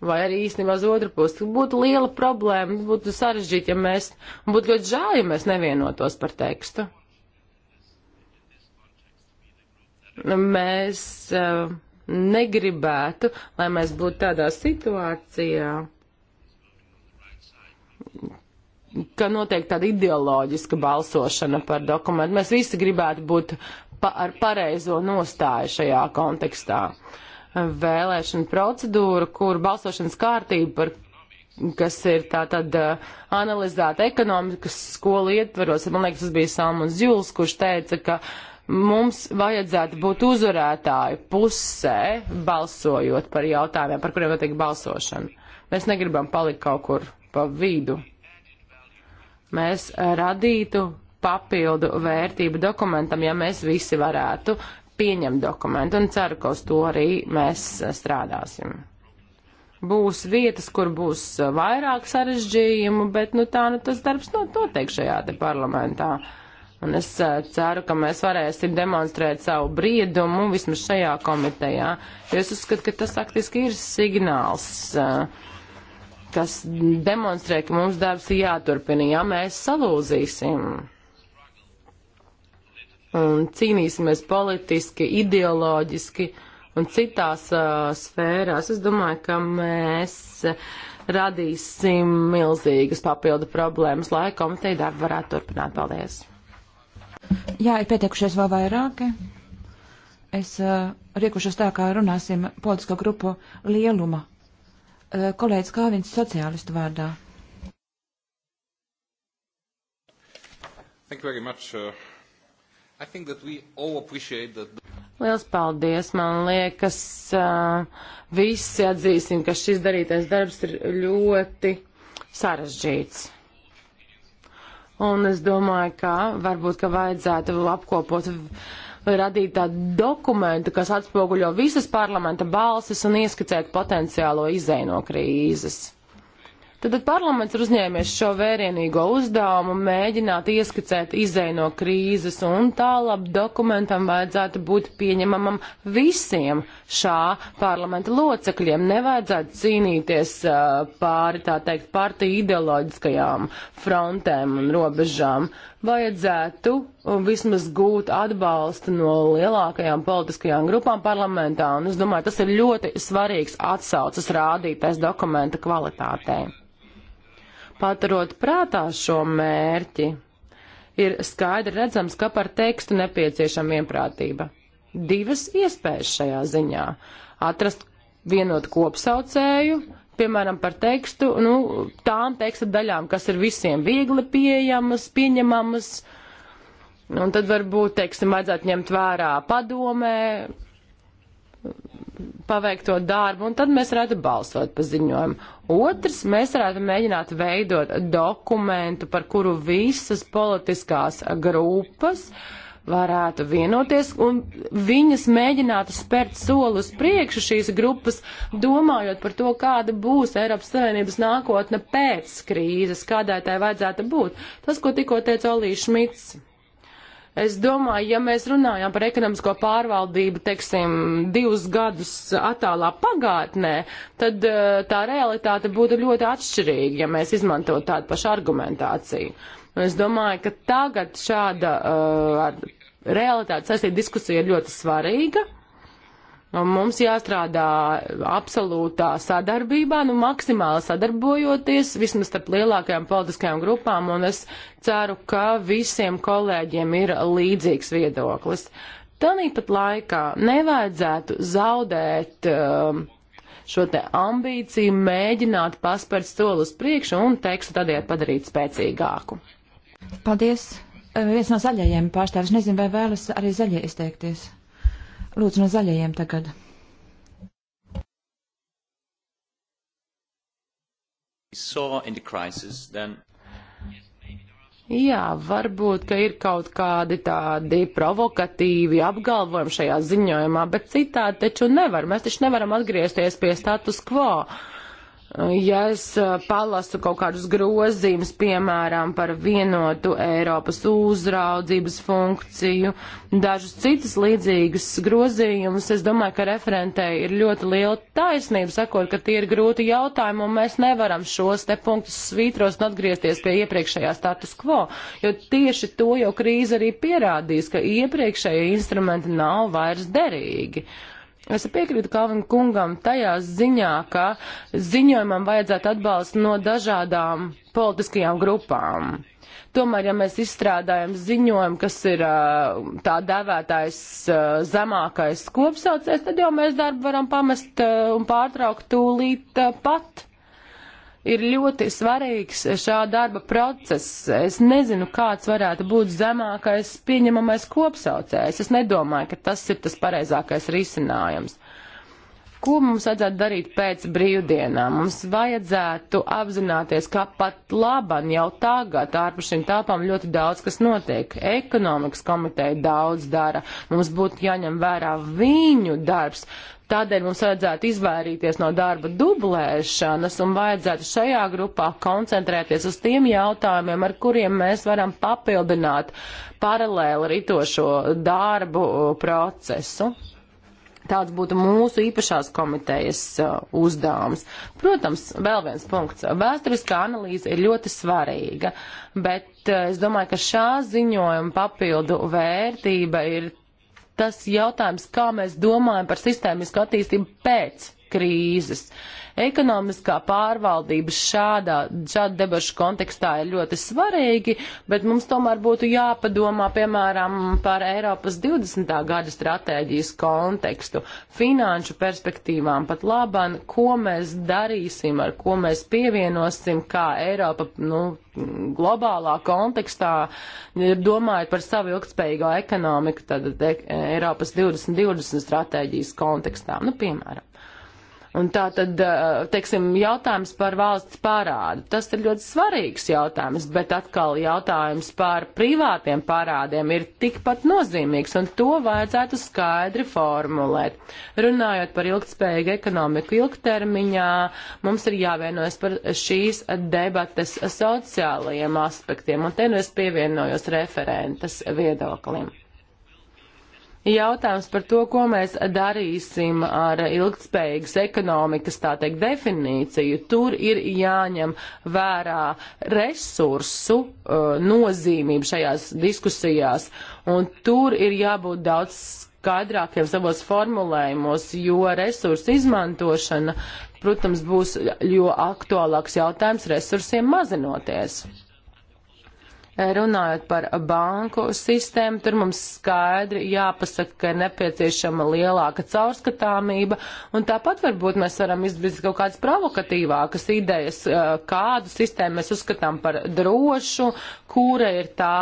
vai arī īstenībā uz otru pusi. Būtu liela problēma, būtu sarežģīti, ja mēs, būtu ļoti žēl, ja mēs nevienotos par tekstu. Mēs uh, negribētu, lai mēs būtu tādā situācijā, ka notiek tāda ideoloģiska balsošana par dokumentu. Mēs visi gribētu būt pa ar pareizo nostāju šajā kontekstā. Vēlēšana procedūra, kur balsošanas kārtība, par, kas ir tā tad uh, analizēta ekonomikas skolu ietvaros, man liekas, tas bija Salmons Juls, kurš teica, ka mums vajadzētu būt uzvarētāju pusē, balsojot par jautājumiem, par kuriem notiek balsošana. Mēs negribam palikt kaut kur pa vidu. Mēs radītu papildu vērtību dokumentam, ja mēs visi varētu pieņemt dokumentu un ceru, ka uz to arī mēs eh, strādāsim. Būs vietas, kur būs eh, vairāk sarežģījumu, bet nu tā nu tas darbs notiek šajā te parlamentā. Un es eh, ceru, ka mēs varēsim demonstrēt savu briedumu vismaz šajā komitejā, jo es uzskatu, ka tas faktiski ir signāls. Uh, kas demonstrē, ka mums darbs ir jāturpina, ja mēs salūzīsim un cīnīsimies politiski, ideoloģiski un citās uh, sfērās. Es domāju, ka mēs radīsim milzīgas papildu problēmas, lai komiteja darbu varētu turpināt. Paldies! Jā, ir pieteikušies vēl vairāki. Es uh, riekušos tā, kā runāsim politisko grupu lieluma. Uh, kolēģis Kāvins sociālistu vārdā. Thank you very much. Uh... Liels paldies! Man liekas, visi atzīsim, ka šis darītais darbs ir ļoti sarežģīts. Un es domāju, ka varbūt, ka vajadzētu apkopot vai radīt tādu dokumentu, kas atspoguļo visas parlamenta balsis un ieskicēt potenciālo izēju no krīzes. Tad parlaments ir uzņēmies šo vērienīgo uzdevumu mēģināt ieskicēt izēju no krīzes, un tālāk dokumentam vajadzētu būt pieņemamam visiem šā parlamenta locekļiem. Nevajadzētu cīnīties uh, pāri, tā teikt, partiju ideoloģiskajām frontēm un robežām. Vajadzētu vismaz gūt atbalstu no lielākajām politiskajām grupām parlamentā, un es domāju, tas ir ļoti svarīgs atsaucas rādītais dokumenta kvalitātei. Paturot prātā šo mērķi, ir skaidri redzams, ka par tekstu nepieciešama vienprātība. Divas iespējas šajā ziņā - atrast vienotu kopsaucēju, piemēram, par tekstu, nu, tām teksta daļām, kas ir visiem viegli pieejamas, pieņemamas, un tad varbūt, teiksim, vajadzētu ņemt vērā padomē paveikto darbu, un tad mēs varētu balsot par ziņojumu. Otrs, mēs varētu mēģināt veidot dokumentu, par kuru visas politiskās grupas varētu vienoties, un viņas mēģinātu spērt soli uz priekšu šīs grupas, domājot par to, kāda būs Eiropas Savienības nākotne pēc krīzes, kādai tai vajadzētu būt. Tas, ko tikko teica Olī Šmits Es domāju, ja mēs runājam par ekonomisko pārvaldību, teiksim, divus gadus attālā pagātnē, tad eh, tā realitāte būtu ļoti atšķirīga, ja mēs izmantotu tādu pašu argumentāciju. Un es domāju, ka tagad šāda uh, eh, realitāte saistīta diskusija ir ļoti svarīga. Uh, Un mums jāstrādā absolūtā sadarbībā, nu maksimāli sadarbojoties, vismaz starp lielākajām politiskajām grupām, un es ceru, ka visiem kolēģiem ir līdzīgs viedoklis. Tāpat laikā nevajadzētu zaudēt um, šo te ambīciju, mēģināt paspērt soli uz priekšu un tekstu tādējādi padarīt spēcīgāku. Paldies! Viens no zaļajiem pārstāvis, nezinu, vai vēlas arī zaļie izteikties. Lūdzu, no zaļajiem tagad. Crisis, then... Jā, varbūt, ka ir kaut kādi tādi provokatīvi apgalvojumi šajā ziņojumā, bet citādi taču nevar. Mēs taču nevaram atgriezties pie status quo. Uh, ja es palasu kaut kādus grozījumus, piemēram, par vienotu Eiropas uzraudzības funkciju, dažus citus līdzīgus grozījumus, es domāju, ka referentei ir ļoti liela taisnība, sakot, ka tie ir grūti jautājumi, un mēs nevaram šos te punktus svītros un atgriezties pie iepriekšējā status quo, jo tieši to jau krīze arī pierādīs, ka iepriekšējie instrumenti nav vairs derīgi. Uh, Es piekrītu Kalvin kungam tajā ziņā, ka ziņojumam vajadzētu atbalstu no dažādām politiskajām grupām. Tomēr, ja mēs izstrādājam ziņojumu, kas ir tā dēvētais zemākais kopsaucējs, tad jau mēs darbu varam pamest un pārtraukt tūlīt pat ir ļoti svarīgs šā darba process. Es nezinu, kāds varētu būt zemākais pieņemamais kopsaucējs. Es nedomāju, ka tas ir tas pareizākais risinājums. Ko mums vajadzētu darīt pēc brīvdienām? Mums vajadzētu apzināties, ka pat laban jau tagad ārpus šīm tāpām ļoti daudz kas notiek. Ekonomikas komiteja daudz dara. Mums būtu jāņem vērā viņu darbs. Uh, Tādēļ mums vajadzētu izvairīties no darba dublēšanas un vajadzētu šajā grupā koncentrēties uz tiem jautājumiem, ar kuriem mēs varam papildināt paralēli ritošo darbu uh, procesu. Tāds būtu mūsu īpašās komitejas uh, uzdevums. Protams, vēl viens punkts. Vēsturiskā analīze ir ļoti svarīga, bet uh, es domāju, ka šā ziņojuma papildu vērtība ir tas jautājums, kā mēs domājam par sistēmisku attīstību pēc krīzes. Uh, Ekonomiskā pārvaldība šādā, šāda debašu kontekstā ir ļoti svarīgi, bet mums tomēr būtu jāpadomā, piemēram, par Eiropas 20. gada stratēģijas kontekstu, finanšu perspektīvām pat laban, ko mēs darīsim, ar ko mēs pievienosim, kā Eiropa, nu, globālā kontekstā, domājot par savu ilgspējīgo ekonomiku, tad e, Eiropas 2020 stratēģijas kontekstā, nu, piemēram. Un tā tad, teiksim, jautājums par valsts parādu. Tas ir ļoti svarīgs jautājums, bet atkal jautājums par privātiem parādiem ir tikpat nozīmīgs, un to vajadzētu skaidri formulēt. Runājot par ilgtspējīgu ekonomiku ilgtermiņā, mums ir jāvienojas par šīs debates sociālajiem aspektiem, un te nu es pievienojos referentas viedoklim. Jautājums par to, ko mēs darīsim ar ilgtspējīgas ekonomikas, tā teikt, definīciju, tur ir jāņem vērā resursu uh, nozīmību šajās diskusijās, un tur ir jābūt daudz skaidrākiem savos formulējumos, jo resursu izmantošana, protams, būs jo aktuālāks jautājums resursiem mazinoties. Runājot par banku sistēmu, tur mums skaidri jāpasaka, ka ir nepieciešama lielāka caurskatāmība, un tāpat varbūt mēs varam izbrīzt kaut kādas provokatīvākas idejas, kādu sistēmu mēs uzskatām par drošu, kura ir tā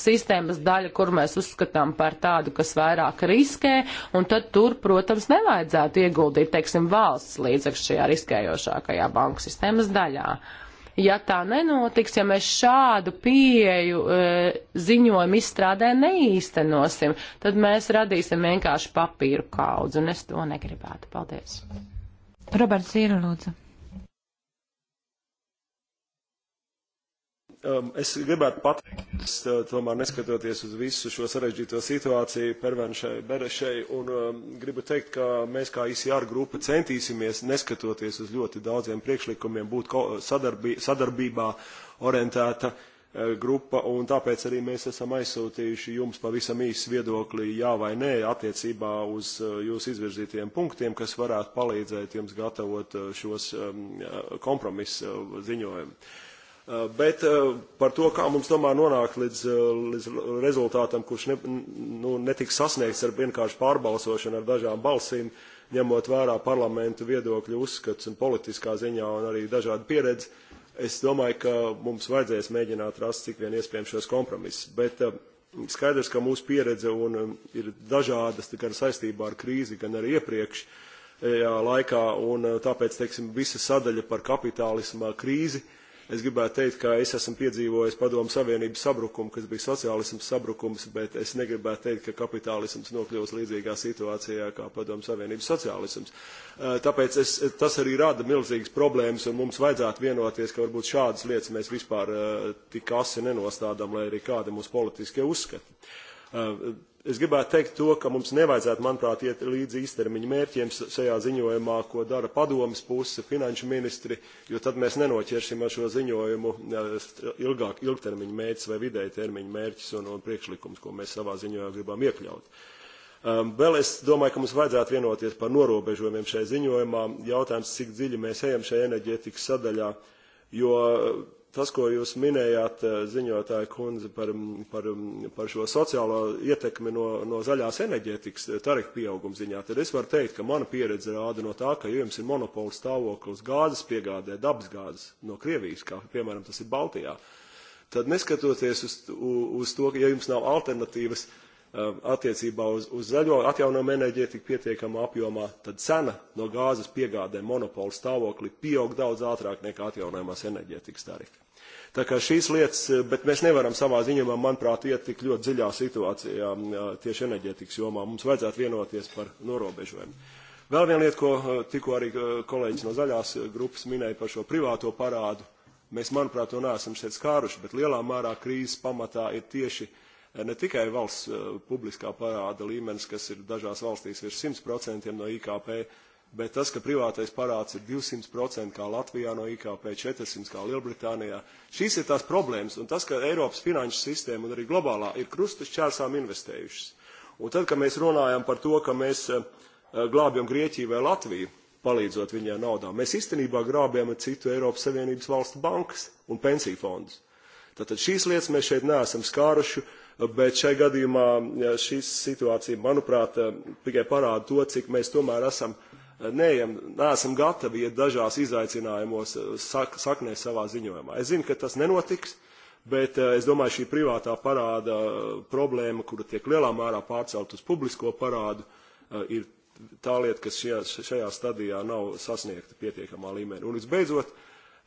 sistēmas daļa, kur mēs uzskatām par tādu, kas vairāk riskē, un tad tur, protams, nevajadzētu ieguldīt, teiksim, valsts līdzekļus šajā riskējošākajā banku sistēmas daļā. Uh, Ja tā nenotiks, ja mēs šādu pieeju e, ziņojumu izstrādē neīstenosim, tad mēs radīsim vienkārši papīru kaudzi, un es to negribētu. Paldies! Roberts Zīra, lūdzu. Um, es gribētu pateikt, uh, tomēr neskatoties uz visu šo sarežģīto situāciju, pervenšai, berešai, un um, gribu teikt, ka mēs kā ICR grupa centīsimies, neskatoties uz ļoti daudziem priekšlikumiem, būt sadarbī, sadarbībā orientēta uh, grupa, un tāpēc arī mēs esam aizsūtījuši jums pavisam īsu viedokli jā vai nē attiecībā uz uh, jūsu izvirzītiem punktiem, kas varētu palīdzēt jums gatavot uh, šos um, uh, kompromisu uh, ziņojumus. Eh, bet eh, par to, kā mums tomēr nonākt līdz, eh, līdz rezultātam, kurš ne, nu, netiks sasniegts ar vienkārši pārbalsošanu ar dažām balsīm, ņemot vērā parlamentu viedokļu uzskats un politiskā ziņā un arī dažādu pieredzi, es domāju, ka mums vajadzēs mēģināt rast cik vien iespējams šos kompromisus. Bet skaidrs, ka mūsu pieredze un ir dažādas gan saistībā ar krīzi, gan arī iepriekš laikā, un tāpēc, teiksim, visa sadaļa par kapitālismu krīzi, uh, Es gribētu teikt, ka es esmu piedzīvojis padomu savienības sabrukumu, kas bija sociālisms sabrukums, bet es negribētu teikt, ka kapitālisms nokļūst līdzīgā situācijā kā padomu savienības sociālisms. Eh, tāpēc es, tas arī rada milzīgas problēmas, un mums vajadzētu vienoties, ka varbūt šādas lietas mēs vispār eh, tik asi nenostādām, lai arī kāda mūsu politiskie uzskati eh, Es gribētu teikt to, ka mums nevajadzētu, manuprāt, iet līdzi īstermiņa mērķiem šajā ziņojumā, ko dara padomas puse, finanšu ministri, jo tad mēs nenoķersim ar šo ziņojumu e, ilgāk ilgtermiņa mērķis vai vidēja termiņa mērķis un, un priekšlikums, ko mēs savā ziņojumā gribam iekļaut. Um, vēl es domāju, ka mums vajadzētu vienoties par norobežojumiem šajā ziņojumā. Jautājums, cik dziļi mēs ejam šajā enerģētikas sadaļā, jo tas, ko jūs minējāt, eh, ziņotāja kundze, par, mm, par, mm, par šo sociālo ietekmi no, no zaļās enerģētikas eh, tarifu pieauguma ziņā, tad es varu teikt, ka mana pieredze rāda no tā, ka ja jums ir monopola stāvoklis gāzes piegādē, dabasgāzes no Krievijas, kā piemēram tas ir Baltijā, tad neskatoties uz, uz to, ka ja jums nav alternatīvas, uh, attiecībā uz, uz zaļo atjaunojumu enerģētiku pietiekamā apjomā, tad cena no gāzes piegādē monopola stāvokli pieaug daudz ātrāk nekā atjaunojumās enerģētikas tarifa. Tā kā šīs lietas, e, bet mēs nevaram savā ziņā, manuprāt, iet tik ļoti dziļā situācijā e, tieši enerģētikas jomā. Mums vajadzētu vienoties par norobežojumu. Vēl viena lieta, ko e, tikko arī kolēģis no zaļās grupas minēja par šo privāto parādu. Mēs, manuprāt, to neesam šeit skāruši, bet lielā mērā krīzes pamatā ir tieši uh, E ne tikai valsts e, publiskā parāda līmenis, kas ir dažās valstīs virs 100% no IKP, bet tas, ka privātais parāds ir 200% kā Latvijā no IKP, 400% kā Lielbritānijā, šīs ir tās problēmas, un tas, ka Eiropas finanšu sistēma un arī globālā ir krustas čērsām investējušas. Un tad, kad mēs runājam par to, ka mēs e, glābjam Grieķiju vai Latviju, palīdzot viņai naudā, mēs īstenībā grābjam citu Eiropas Savienības valstu bankas un pensiju fondus. Tātad šīs lietas mēs šeit neesam skāruši, uh, bet šai gadījumā šī situācija, manuprāt, eh, tikai parāda to, cik mēs tomēr esam eh, neejam, neesam gatavi iet dažās izaicinājumos eh, sak, saknē savā ziņojumā. Es zinu, ka tas nenotiks, bet es domāju, šī privātā parāda problēma, kura tiek lielā mērā pārcelt uz publisko parādu, ir tā lieta, kas šajā, šajā stadijā nav sasniegta pietiekamā līmenī. Un visbeidzot,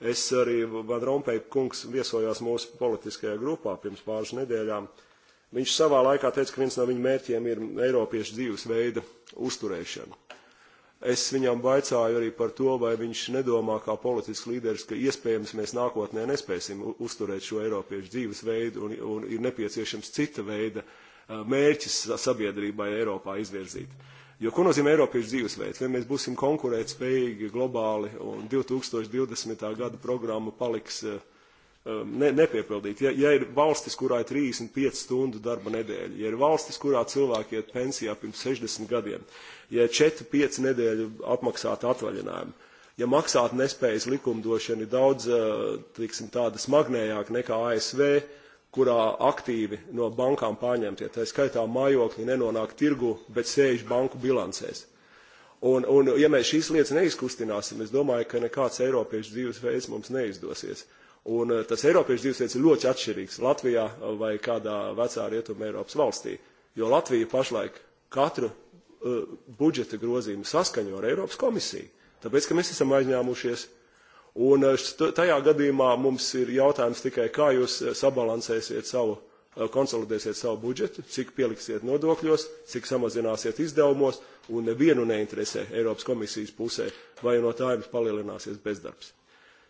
es arī, Van Rompēja kungs viesojās mūsu politiskajā grupā pirms pāris nedēļām, uh, Viņš savā laikā teica, ka viens no viņa mērķiem ir Eiropiešu dzīvesveida uzturēšana. Es viņam vaicāju arī par to, vai viņš nedomā kā politisks līderis, ka iespējams mēs nākotnē nespēsim uzturēt šo Eiropiešu dzīvesveidu un, un ir nepieciešams cita veida mērķis sabiedrībai Eiropā izvirzīt. Jo ko nozīmē Eiropiešu dzīvesveids? Vai mēs būsim konkurētspējīgi globāli un 2020. gada programma paliks uh, Um, ne, nepiepildīt. Ja, ja ir valstis, kurā ir 35 stundu darba nedēļa, ja ir valstis, kurā cilvēki iet pensijā pirms 60 gadiem, ja ir 4-5 nedēļu apmaksāta atvaļinājuma, ja maksāt nespējas likumdošana ir daudz uh, tiksim, tāda smagnējāka nekā ASV, kurā aktīvi no bankām pārņemtie, tā skaitā mājokļi nenonāk tirgu, bet sēž banku bilancēs. Un, un, ja mēs šīs lietas neizkustināsim, es domāju, ka nekāds Eiropiešu dzīvesveids mums neizdosies. Uh, Un eh, tas Eiropiešu dzīvesveids ir ļoti atšķirīgs Latvijā eh, vai kādā vecā rietuma Eiropas valstī, jo Latvija pašlaik katru uh, budžeta grozījumu saskaņo ar Eiropas komisiju, tāpēc, ka mēs esam aizņēmušies Un tajā gadījumā mums ir jautājums tikai, kā jūs sabalansēsiet savu, konsolidēsiet savu budžetu, cik pieliksiet nodokļos, cik samazināsiet izdevumos, un nevienu neinteresē Eiropas komisijas pusē, vai no tā jums palielināsies bezdarbs.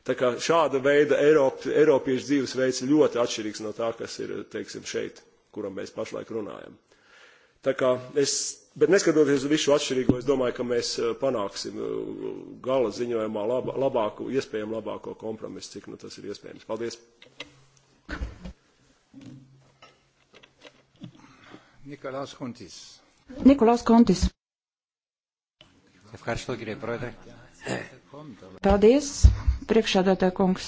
Tā kā šāda veida Eiropa, Eiropiešu dzīvesveids ir ļoti atšķirīgs no tā, kas ir, teiksim, šeit, kuram mēs pašlaik runājam. Tā kā es, bet neskatoties uz visu atšķirīgo, es domāju, ka mēs eh, panāksim eh, gala ziņojumā laba, labāku, iespējami labāko kompromisu, cik nu tas ir iespējams. Paldies! Nikolās Kontis. Nikolās Kontis. Ευχαριστώ κύριε Πρόεδρε. Paldies, priekšādātā kungs.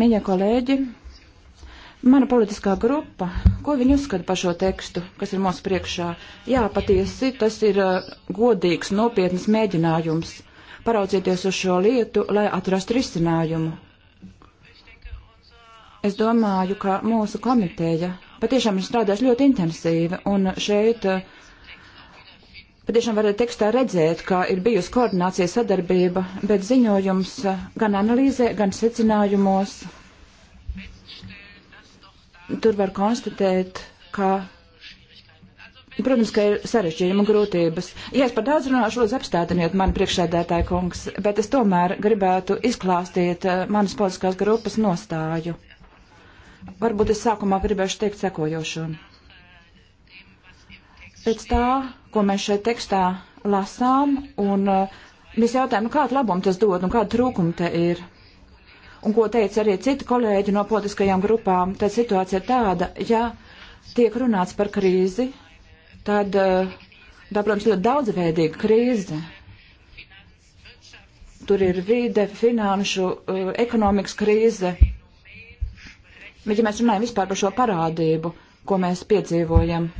Mīļie kolēģi, mana politiskā grupa, ko viņi uzskata par šo tekstu, kas ir mūsu priekšā? Jā, patiesi, tas ir godīgs, nopietnas mēģinājums paraudzieties uz šo lietu, lai atrastu risinājumu. Es domāju, ka mūsu komiteja patiešām ir strādājusi ļoti intensīvi, un šeit uh, patiešām varēja tekstā redzēt, ka ir bijusi koordinācija sadarbība, bet ziņojums gan analīzē, gan secinājumos. Tur var konstatēt, ka, protams, ka ir sarežģījumi un grūtības. Ja es par daudz runāšu, lūdzu apstādiniet mani priekšsēdētāju kungs, bet es tomēr gribētu izklāstīt eh, manas politiskās grupas nostāju. Varbūt es sākumā gribēšu teikt sekojošo. Pēc tā, ko mēs šeit tekstā lasām, un uh, mēs jautājam, nu, kādu labumu tas dod un kādu trūkumu te ir. Un ko teica arī citi kolēģi no politiskajām grupām, tad situācija ir tāda, ja tiek runāts par krīzi, tad, eh, tā, protams, ļoti daudzveidīga krīze. Tur ir vide, finanšu, eh, ekonomikas krīze. Bet, ja mēs runājam vispār par šo parādību, ko mēs piedzīvojam,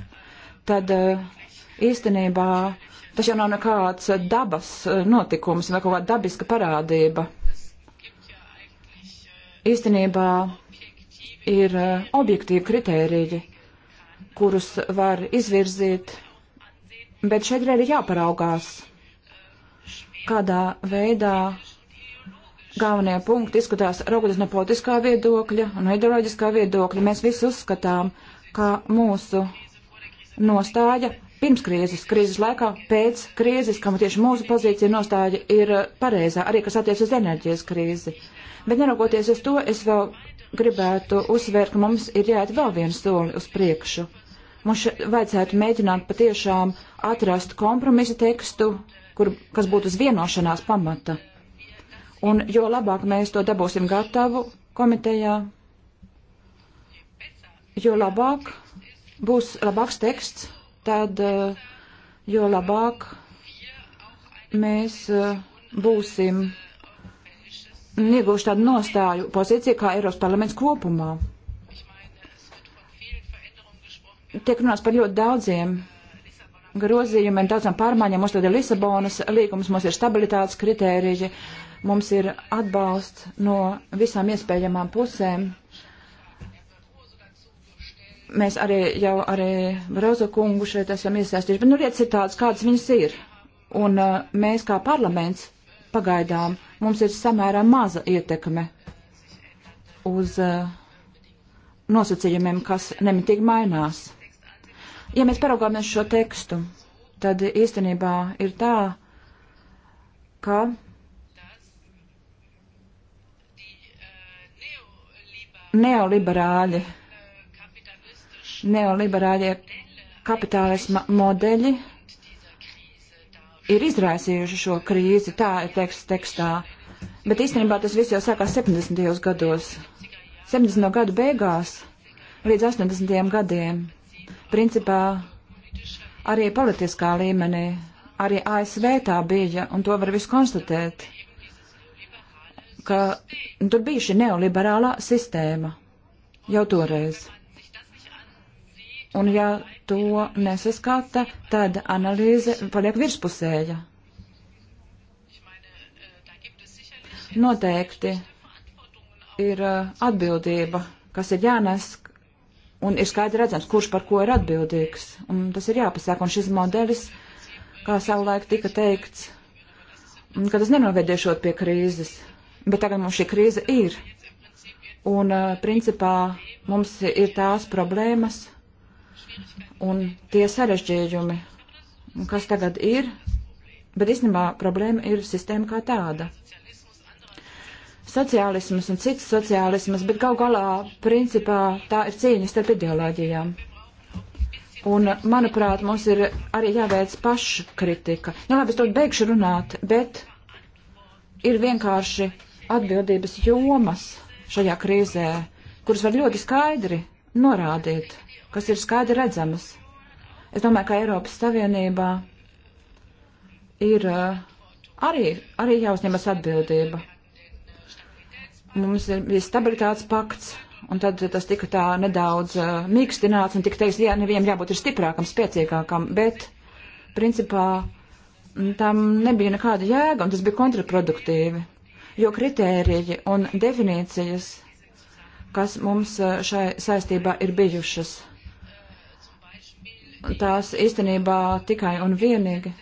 tad uh, īstenībā tas jau nav nekāds dabas eh, notikums vai kaut kāda dabiska parādība. Īstenībā ir eh, objektīvi kritēriji, kurus var izvirzīt, bet šeit arī ir jāparaugās, kādā veidā galvenie punkti izskatās raugoties no politiskā viedokļa un no ideoloģiskā viedokļa. Mēs visi uzskatām, ka mūsu nostāja pirms krīzes, krīzes laikā, pēc krīzes, kam tieši mūsu pozīcija nostāja ir pareizā, arī kas attiec uz enerģijas krīzi. Bet neraugoties uz to, es vēl gribētu uzsvērt, ka mums ir jāiet vēl viens soli uz priekšu. Mums vajadzētu mēģināt patiešām atrast kompromisa tekstu, kur, kas būtu uz vienošanās pamata. Un jo labāk mēs to dabūsim gatavu komitejā, jo labāk būs labāks teksts tad eh, jo labāk mēs eh, būsim iegūši tādu nostāju pozīciju kā Eiropas parlaments kopumā. Tiek runāts par ļoti daudziem grozījumiem, daudzām pārmaiņām. Mums tad ir Lisabonas līgums, mums ir stabilitātes kritēriji, mums ir atbalsts no visām iespējamām pusēm mēs arī jau arī Brozo kungu šeit esam iesaistījuši, bet nu lietas ir tādas, kādas viņas ir. Un uh, mēs kā parlaments pagaidām mums ir samērā maza ietekme uz uh, nosacījumiem, kas nemitīgi mainās. Ja mēs paraugāmies šo tekstu, tad īstenībā ir tā, ka neoliberāļi neoliberāļie kapitālisma modeļi ir izraisījuši šo krīzi, tā ir teksts tekstā. Bet īstenībā tas viss jau sākās 70. gados. 70. gadu beigās līdz 80. gadiem. Principā arī politiskā līmenī, arī ASV tā bija, un to var visu konstatēt, ka nu, tur bija šī neoliberālā sistēma jau toreiz un ja to nesaskata, tad analīze paliek virspusēja. Noteikti ir uh, atbildība, kas ir jānes, un ir skaidri redzams, kurš par ko ir atbildīgs. Un tas ir jāpasaka, un šis modelis, kā savulaik tika teikts, ka tas nenovēdiešot pie krīzes, bet tagad mums šī krīze ir. Un, uh, principā, mums ir tās problēmas, un tie sarežģījumi, kas tagad ir, bet īstenībā problēma ir sistēma kā tāda. Sociālisms un cits sociālisms, bet gal galā principā tā ir cīņa starp ideoloģijām. Un, manuprāt, mums ir arī jāveic paškritika. Nu, labi, es to beigšu runāt, bet ir vienkārši atbildības jomas šajā krīzē, kuras var ļoti skaidri norādīt kas ir skaidri redzamas. Es domāju, ka Eiropas Savienībā ir eh, arī, arī jāuzņemas atbildība. Mums ir bijis stabilitātes pakts, un tad tas tika tā nedaudz uh, mīkstināts, un tika teiks, jā, nevienam jābūt ir stiprākam, spēcīgākam, bet principā mm, tam nebija nekāda jēga, un tas bija kontraproduktīvi, jo kritēriji un definīcijas, kas mums eh, šai saistībā ir bijušas, tās īstenībā tikai un vienīgi e,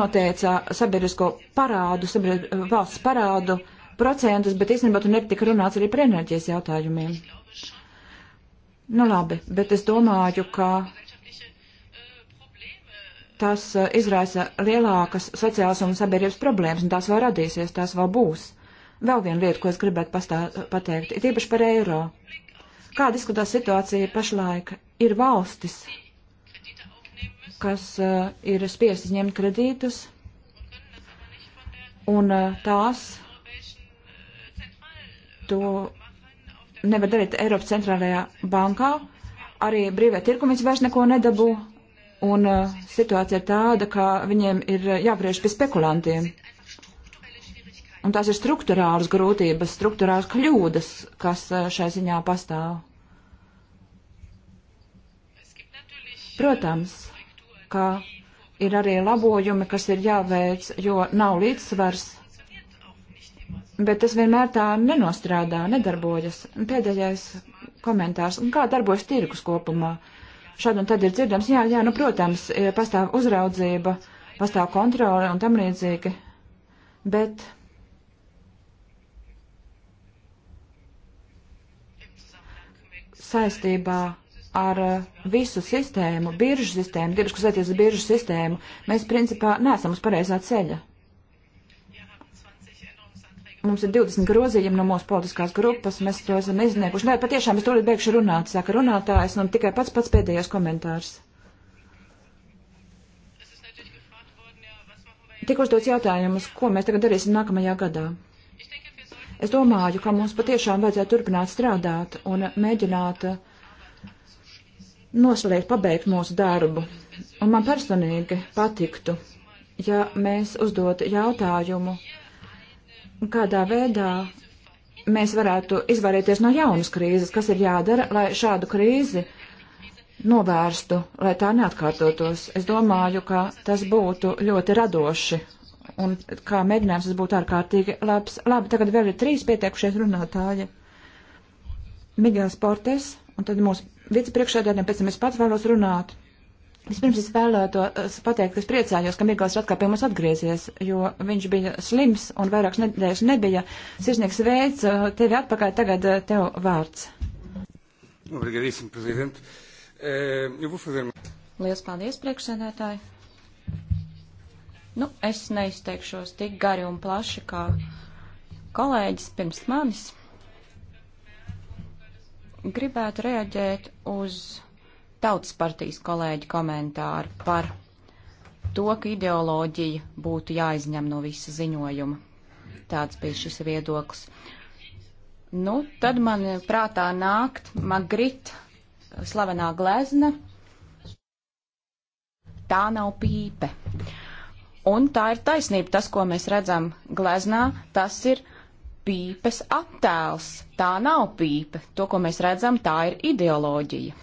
noteica sabiedrisko parādu, sabiedr, e, valsts parādu procentus, bet īstenībā tur netika runāts arī par enerģijas jautājumiem. Nu labi, bet es domāju, ka tas e, izraisa lielākas sociālas un sabiedrības problēmas, un tās vēl radīsies, tās vēl būs. Vēl viena lieta, ko es gribētu pastā, pateikt, ir tīpaši par eiro. Kāda izskatās situācija pašlaik? Ir valstis, kas uh, ir spiestas ņemt kredītus, un uh, tās to nevar darīt Eiropas centrālajā bankā. Arī brīvē tirkumies vairs neko nedabū, un uh, situācija ir tāda, ka viņiem ir jāgriež pie spekulantiem. Uh, Un tās ir struktūrālas grūtības, struktūrālas kļūdas, kas eh, šai ziņā pastāv. Protams, ka ir arī labojumi, kas ir jāveic, jo nav līdzsvars, bet tas vienmēr tā nenostrādā, nedarbojas. Pēdējais komentārs, un kā darbojas tirgus kopumā? Šādi un tad ir dzirdams, jā, jā, nu, protams, e, pastāv uzraudzība, pastāv kontrole un tam līdzīgi, bet saistībā ar uh, visu sistēmu, biržu sistēmu, tirgus, kas attiecas uz biržu sistēmu, mēs principā neesam uz pareizā ceļa. Mums ir 20 grozījumi no mūsu politiskās grupas, mēs to esam iznieguši. Nē, patiešām es tūlīt beigšu runāt, saka runātājs, un tikai pats pats pēdējais komentārs. Tik uzdots jautājumus, ko mēs tagad darīsim nākamajā gadā. Es domāju, ka mums patiešām vajadzētu turpināt strādāt un mēģināt noslēgt, pabeigt mūsu darbu. Un man personīgi patiktu, ja mēs uzdot jautājumu, kādā veidā mēs varētu izvairīties no jaunas krīzes, kas ir jādara, lai šādu krīzi novērstu, lai tā neatkārtotos. Es domāju, ka tas būtu ļoti radoši un kā mēģinājums tas būtu ārkārtīgi labs. Labi, tagad vēl ir trīs pieteikušies runātāji. Migels Portes, un tad mūsu vicepriekšēdētājiem, pēc tam es pats vēlos runāt. Vispirms es vēlētos pateikt, ka es priecājos, ka Migls atkal pie mums atgriezies, jo viņš bija slims un vairākas nedēļas nebija. Sirsnieks veids, uh, tevi atpakaļ tagad uh, tev vārds. Obrigadīsim, prezident. E, eh, Lielas paldies, priekšsēdētāji. Nu, es neizteikšos tik gari un plaši kā kolēģis pirms manis. Gribētu reaģēt uz tautas partijas kolēģi komentāru par to, ka ideoloģija būtu jāizņem no visa ziņojuma. Tāds bija šis viedoklis. Nu, tad man prātā nākt Magrit, slavenā glezna. Tā nav pīpe. Uh, Un tā ir taisnība, tas, ko mēs redzam gleznā, tas ir pīpes attēls. Tā nav pīpe. To, ko mēs redzam, tā ir ideoloģija.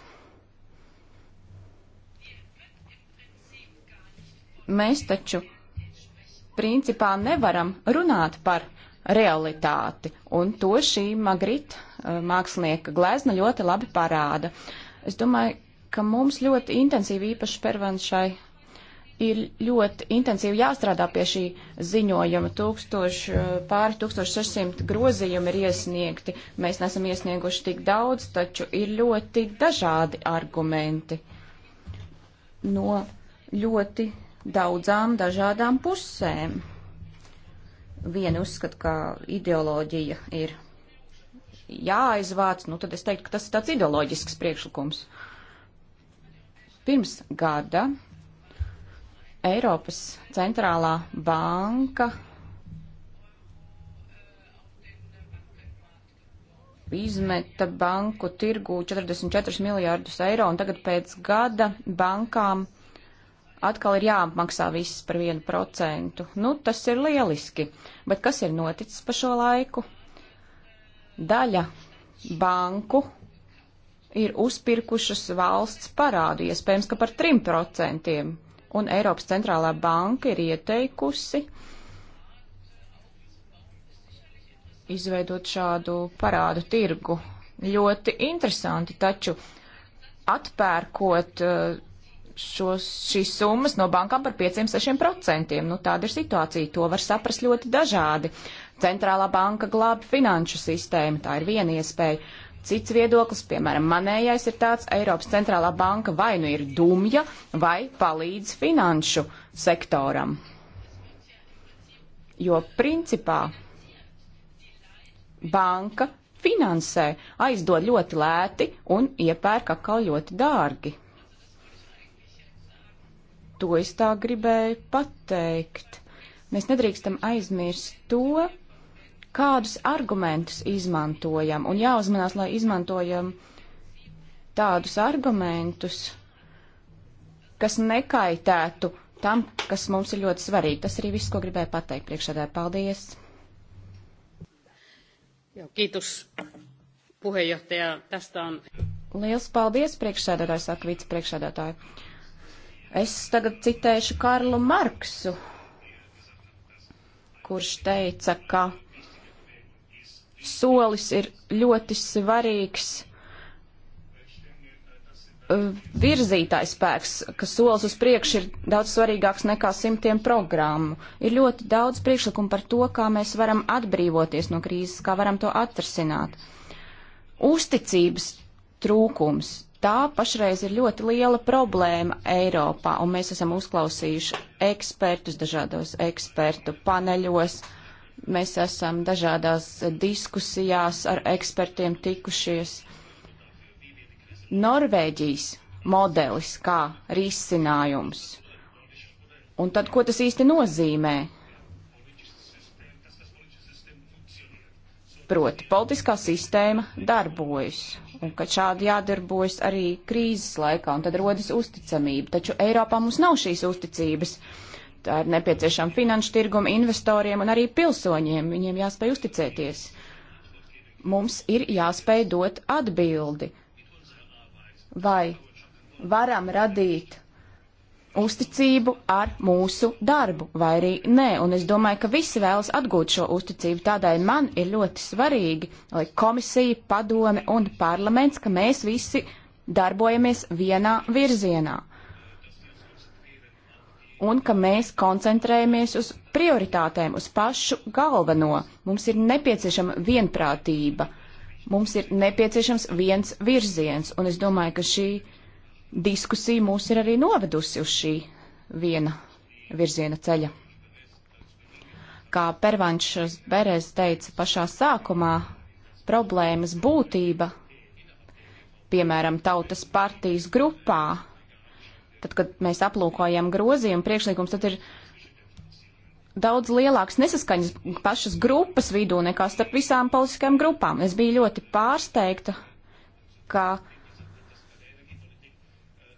Mēs taču principā nevaram runāt par realitāti, un to šī Magrita eh, mākslinieka glezna ļoti labi parāda. Es domāju, ka mums ļoti intensīvi īpaši pervanšai ir ļoti intensīvi jāstrādā pie šī ziņojuma. Tūkstoš, eh, pāri 1600 grozījumi ir iesniegti. Mēs nesam iesnieguši tik daudz, taču ir ļoti dažādi argumenti no ļoti daudzām dažādām pusēm. Viena uzskata, ka ideoloģija ir jāaizvāc, nu tad es teiktu, ka tas ir tāds ideoloģisks priekšlikums. Pirms gada Eiropas centrālā banka izmeta banku tirgū 44 miljārdus eiro, un tagad pēc gada bankām atkal ir jāapmaksā viss par vienu procentu. Nu, tas ir lieliski, bet kas ir noticis pa šo laiku? Daļa banku ir uzpirkušas valsts parādu, iespējams, ka par 3% un Eiropas centrālā banka ir ieteikusi izveidot šādu parādu tirgu. Ļoti interesanti, taču atpērkot eh, šos, šīs summas no bankām par 5-6%. Nu, tāda ir situācija, to var saprast ļoti dažādi. Centrālā banka glāba finanšu sistēmu, tā ir viena iespēja. Cits viedoklis, piemēram, manējais ir tāds, Eiropas centrālā banka vai nu ir dumja, vai palīdz finanšu sektoram. Jo principā banka finansē, aizdod ļoti lēti un iepērk atkal ļoti dārgi. To es tā gribēju pateikt. Mēs nedrīkstam aizmirst to, kādus argumentus izmantojam. Un jāuzmanās, lai izmantojam tādus argumentus, kas nekaitētu tam, kas mums ir ļoti svarīgi. Tas arī viss, ko gribēju pateikt priekšādē. Paldies! Jau, kiitos, puheenjohtaja. Tästä on... Liels paldies, priekšsēdētāji, saka vicepriekšsēdētāji. Es tagad citēšu Karlu Marksu, kurš teica, ka solis ir ļoti svarīgs uh, virzītājs spēks, ka solis uz priekšu ir daudz svarīgāks nekā simtiem programmu. Ir ļoti daudz priekšlikumu par to, kā mēs varam atbrīvoties no krīzes, kā varam to atrasināt. Uzticības trūkums. Tā pašreiz ir ļoti liela problēma Eiropā, un mēs esam uzklausījuši ekspertus dažādos ekspertu paneļos. Uh, Mēs esam dažādās diskusijās ar ekspertiem tikušies. Norvēģijas modelis kā risinājums. Un tad, ko tas īsti nozīmē? Proti, politiskā sistēma darbojas, un ka šādi jādarbojas arī krīzes laikā, un tad rodas uzticamība. Taču Eiropā mums nav šīs uzticības. Uh, Tā ir nepieciešama finanšu tirguma investoriem un arī pilsoņiem. Viņiem jāspēj uzticēties. Mums ir jāspēj dot atbildi. Vai varam radīt uzticību ar mūsu darbu, vai arī nē. Un es domāju, ka visi vēlas atgūt šo uzticību. Tādēļ man ir ļoti svarīgi, lai komisija, padome un parlaments, ka mēs visi darbojamies vienā virzienā un ka mēs koncentrējamies uz prioritātēm, uz pašu galveno. Mums ir nepieciešama vienprātība, mums ir nepieciešams viens virziens, un es domāju, ka šī diskusija mūs ir arī novedusi uz šī viena virziena ceļa. Kā Pervanšs Berēs teica pašā sākumā, problēmas būtība, piemēram, tautas partijas grupā, tad, kad mēs aplūkojam grozījumu priekšlikums, tad ir daudz lielāks nesaskaņas pašas grupas vidū nekā starp visām politiskajām grupām. Es biju ļoti pārsteigta, ka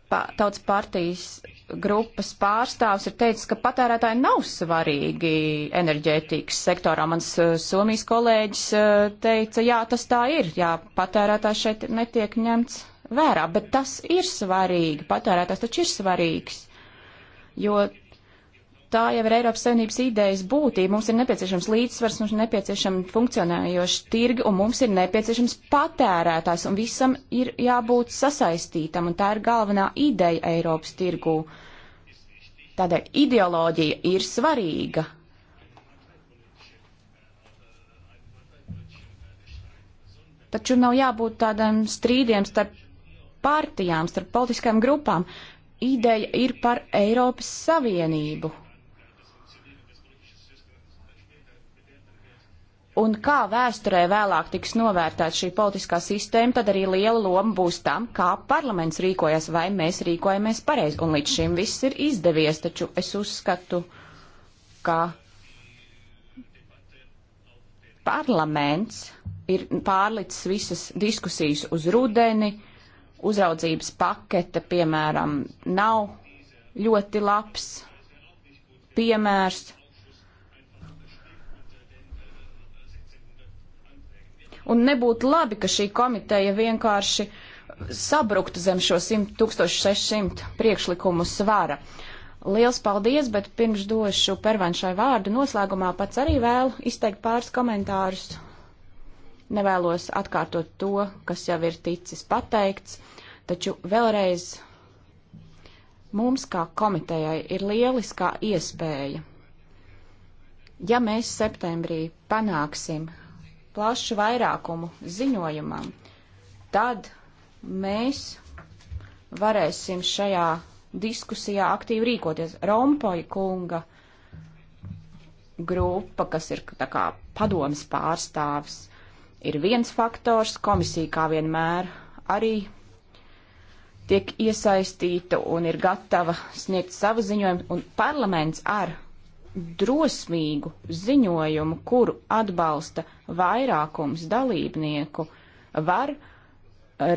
tautas partijas grupas pārstāvs ir teicis, ka patērētāji nav svarīgi enerģētikas sektorā. Mans uh, somijas kolēģis uh, teica, jā, tas tā ir, jā, patērētājs šeit netiek ņemts vērā, bet tas ir svarīgi, patērētājs taču ir svarīgs, jo tā jau ir Eiropas Savienības idejas būtība. Mums ir nepieciešams līdzsvars, mums ir nepieciešama funkcionējoša tirga un mums ir nepieciešams patērētājs un visam ir jābūt sasaistītam un tā ir galvenā ideja Eiropas tirgū. Tādēļ ideoloģija ir svarīga. Taču nav jābūt tādam strīdiem starp partijām, starp politiskām grupām. Ideja ir par Eiropas Savienību. Un kā vēsturē vēlāk tiks novērtēta šī politiskā sistēma, tad arī liela loma būs tam, kā parlaments rīkojas, vai mēs rīkojamies pareizi. Un līdz šim viss ir izdevies, taču es uzskatu, ka parlaments ir pārlicis visas diskusijas uz rudeni, uzraudzības pakete, piemēram, nav ļoti labs piemērs. Un nebūtu labi, ka šī komiteja vienkārši sabruktu zem šo 1600 priekšlikumu svara. Liels paldies, bet pirms došu pervenšai vārdu noslēgumā pats arī vēlu izteikt pāris komentārus. Nevēlos atkārtot to, kas jau ir ticis pateikts Taču vēlreiz mums kā komitejai ir lieliskā iespēja. Ja mēs septembrī panāksim plašu vairākumu ziņojumam, tad mēs varēsim šajā diskusijā aktīvi rīkoties. Rompoja kunga grupa, kas ir tā kā padomas pārstāvis, ir viens faktors, komisija kā vienmēr arī tiek iesaistīta un ir gatava sniegt savu ziņojumu, un parlaments ar drosmīgu ziņojumu, kuru atbalsta vairākums dalībnieku, var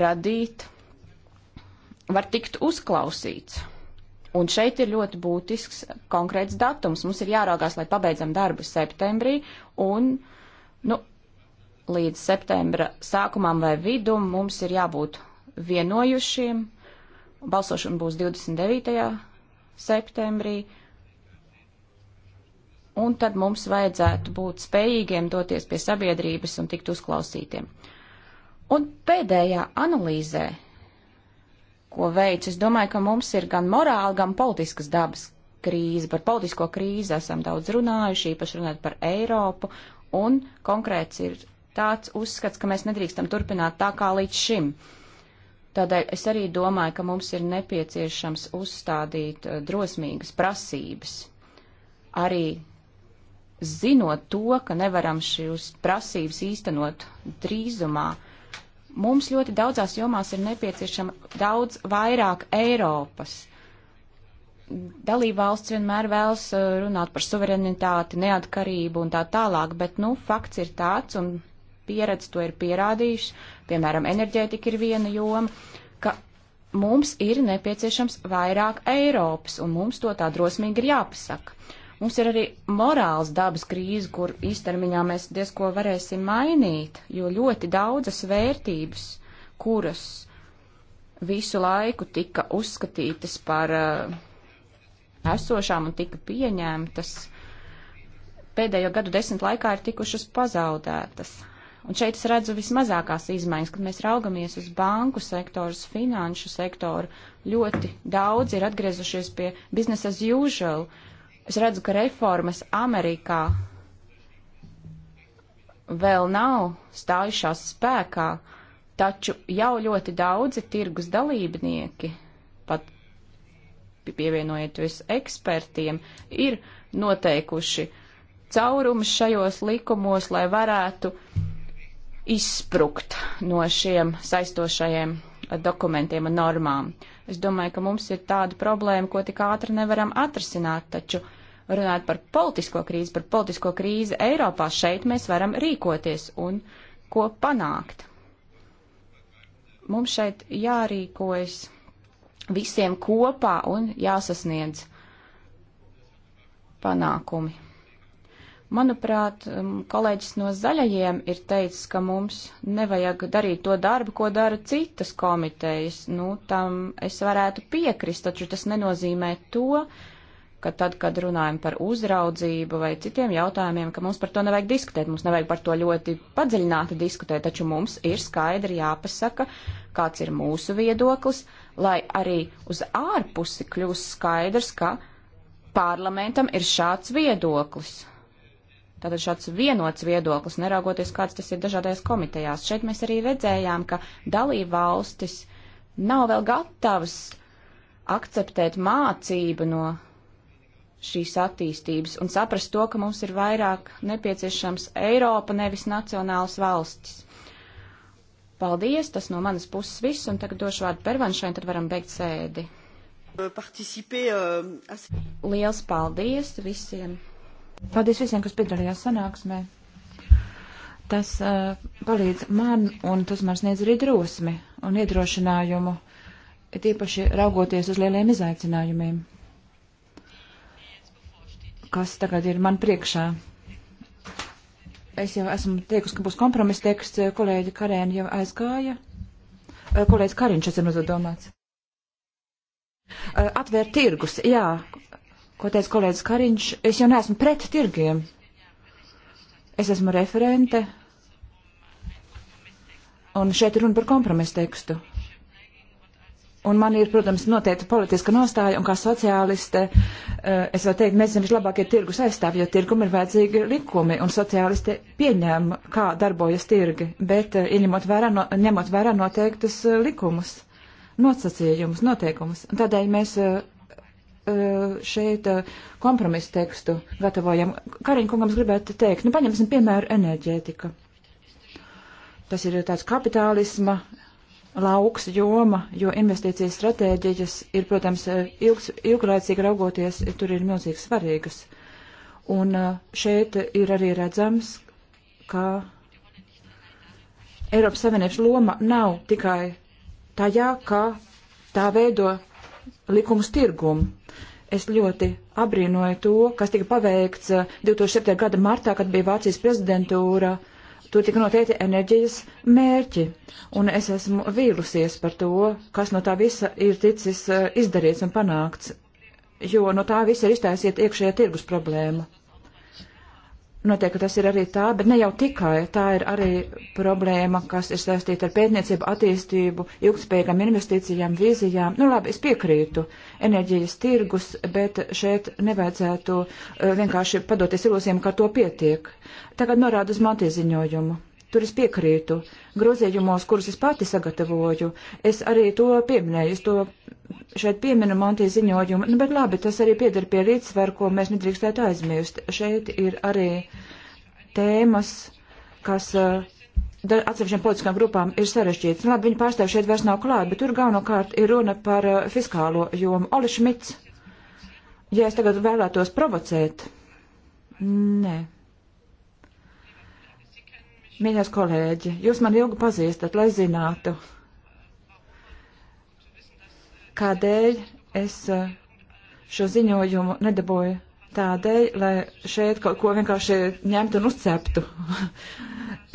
radīt, var tikt uzklausīts. Un šeit ir ļoti būtisks konkrēts datums. Mums ir jāraugās, lai pabeidzam darbu septembrī, un nu, līdz septembra sākumam vai vidum mums ir jābūt vienojušiem, uh, Balsošana būs 29. septembrī. Un tad mums vajadzētu būt spējīgiem doties pie sabiedrības un tikt uzklausītiem. Un pēdējā analīzē, ko veids, es domāju, ka mums ir gan morāla, gan politiskas dabas krīze. Par politisko krīzi esam daudz runājuši, īpaši runājot par Eiropu, un konkrēts ir tāds uzskats, ka mēs nedrīkstam turpināt tā kā līdz šim. Uh, Tādēļ es arī domāju, ka mums ir nepieciešams uzstādīt eh, drosmīgas prasības. Arī zinot to, ka nevaram šīs prasības īstenot drīzumā, mums ļoti daudzās jomās ir nepieciešama daudz vairāk Eiropas. Dalībvalsts vienmēr vēlas eh, runāt par suverenitāti, neatkarību un tā tālāk, bet, nu, fakts ir tāds, un pieredze to ir pierādījuši, piemēram, enerģētika ir viena joma, ka mums ir nepieciešams vairāk Eiropas, un mums to tā drosmīgi ir jāpasaka. Mums ir arī morāls dabas krīze, kur īstermiņā mēs diezko varēsim mainīt, jo ļoti daudzas vērtības, kuras visu laiku tika uzskatītas par uh, esošām un tika pieņemtas, pēdējo gadu desmit laikā ir tikušas pazaudētas. Un šeit es redzu vismazākās izmaiņas, kad mēs raugamies uz banku sektoru, finanšu sektoru. Ļoti daudz ir atgriezušies pie business as usual. Es redzu, ka reformas Amerikā vēl nav stājušās spēkā, taču jau ļoti daudzi tirgus dalībnieki, pat pievienojoties ekspertiem, ir noteikuši caurumus šajos likumos, lai varētu uh, izsprukt no šiem saistošajiem dokumentiem un normām. Es domāju, ka mums ir tāda problēma, ko tik ātri nevaram atrasināt, taču runāt par politisko krīzi, par politisko krīzi Eiropā šeit mēs varam rīkoties un ko panākt. Mums šeit jārīkojas visiem kopā un jāsasniedz panākumi. Manuprāt, um, kolēģis no zaļajiem ir teicis, ka mums nevajag darīt to darbu, ko dara citas komitejas. Nu, tam es varētu piekrist, taču tas nenozīmē to, ka tad, kad runājam par uzraudzību vai citiem jautājumiem, ka mums par to nevajag diskutēt, mums nevajag par to ļoti padziļināti diskutēt, taču mums ir skaidri jāpasaka, kāds ir mūsu viedoklis, lai arī uz ārpusi kļūst skaidrs, ka parlamentam ir šāds viedoklis Tātad šāds vienots viedoklis, neraugoties kāds tas ir dažādajās komitejās. Šeit mēs arī redzējām, ka dalība valstis nav vēl gatavas akceptēt mācību no šīs attīstības un saprast to, ka mums ir vairāk nepieciešams Eiropa, nevis nacionālas valstis. Paldies, tas no manas puses viss, un tagad došu vārdu pervanšai, un tad varam beigt sēdi. Euh, Liels paldies visiem Paldies visiem, kas piedalījās sanāksmē. Tas uh, palīdz man un tas man sniedz arī drosmi un iedrošinājumu, it īpaši raugoties uz lieliem izaicinājumiem, kas tagad ir man priekšā. Es jau esmu teikusi, ka būs kompromiss teksts, kolēģi Karēna jau aizgāja. Uh, kolēģis Kariņš, es esmu domāts. Uh, atvērt tirgus, jā, ko teica kolēģis Kariņš, es jau neesmu pret tirgiem. Es esmu referente, un šeit ir runa par kompromisu tekstu. Un man ir, protams, noteikti politiska nostāja, un kā sociāliste, eh, es varu teikt, mēs esam vislabākie tirgus aizstāvji, jo tirgum ir vajadzīgi likumi, un sociāliste pieņēma, kā darbojas tirgi, bet eh, ieņemot vērā, no, ņemot vērā noteiktus eh, likumus, nosacījumus, noteikumus. Un tādēļ mēs šeit kompromisu tekstu gatavojam. Kariņkungams gribētu teikt, nu paņemsim piemēru enerģētika. Tas ir tāds kapitālisma lauks joma, jo investīcijas stratēģijas ir, protams, ilgs, ilglaicīgi raugoties, tur ir milzīgi svarīgas. Un šeit ir arī redzams, ka Eiropas Savienības loma nav tikai tajā, ka tā veido likumus tirgumu, es ļoti abrīnoju to, kas tika paveikts 2007. Eh, gada martā, kad bija Vācijas prezidentūra. Tur tika noteikti enerģijas mērķi, un es esmu vīlusies par to, kas no tā visa ir ticis eh, izdarīts un panākts, jo no tā visa ir iztaisiet iekšējā tirgus problēma. Noteikti tas ir arī tā, bet ne jau tikai. Tā ir arī problēma, kas ir saistīta ar pētniecību, attīstību, ilgspējīgām investīcijām, vīzijām. Nu labi, es piekrītu enerģijas tirgus, bet šeit nevajadzētu eh, vienkārši padoties ilūzijām, ka to pietiek. Tagad norāda uz Monti ziņojumu. Tur es piekrītu. Grozījumos, kurus es pati sagatavoju, es arī to pieminēju. Es to šeit pieminu Monti ziņojumu. Nu, bet labi, tas arī pieder pie līdzsvaru, ko mēs nedrīkstētu aizmirst. Šeit ir arī tēmas, kas uh, atsevišķiem politiskām grupām ir sarežģīts. Nu, labi, viņi pārstāv šeit vairs nav klāt, bet tur galvenokārt ir runa par uh, fiskālo jomu. Oli Šmits, ja es tagad vēlētos provocēt. Nē. Nee. Mīļās kolēģi, jūs man ilgi pazīstat, lai zinātu, kādēļ es eh, šo ziņojumu nedabūju tādēļ, lai šeit kaut ko vienkārši ņemtu un uzceptu. <laughs>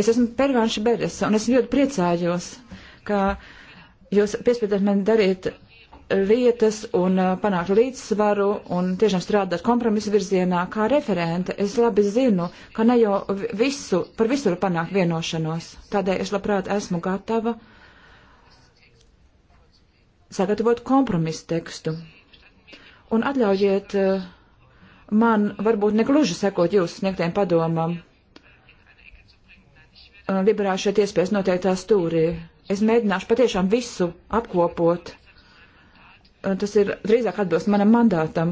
es esmu Pervānša Beres, un es ļoti priecājos, ka jūs piespiedat man darīt lietas un uh, panākt līdzsvaru un tiešām strādāt kompromisu virzienā kā referente. Es labi zinu, ka ne jau visu, par visu var panākt vienošanos. Tādēļ es labprāt esmu gatava sagatavot kompromisu tekstu. Un atļaujiet uh, man varbūt negluži sekot jūsu sniegtiem padomam. Uh, Liberāšie tiespējas noteiktā stūrī. Es mēģināšu patiešām visu apkopot Eh, tas ir drīzāk atbilst manam mandātam.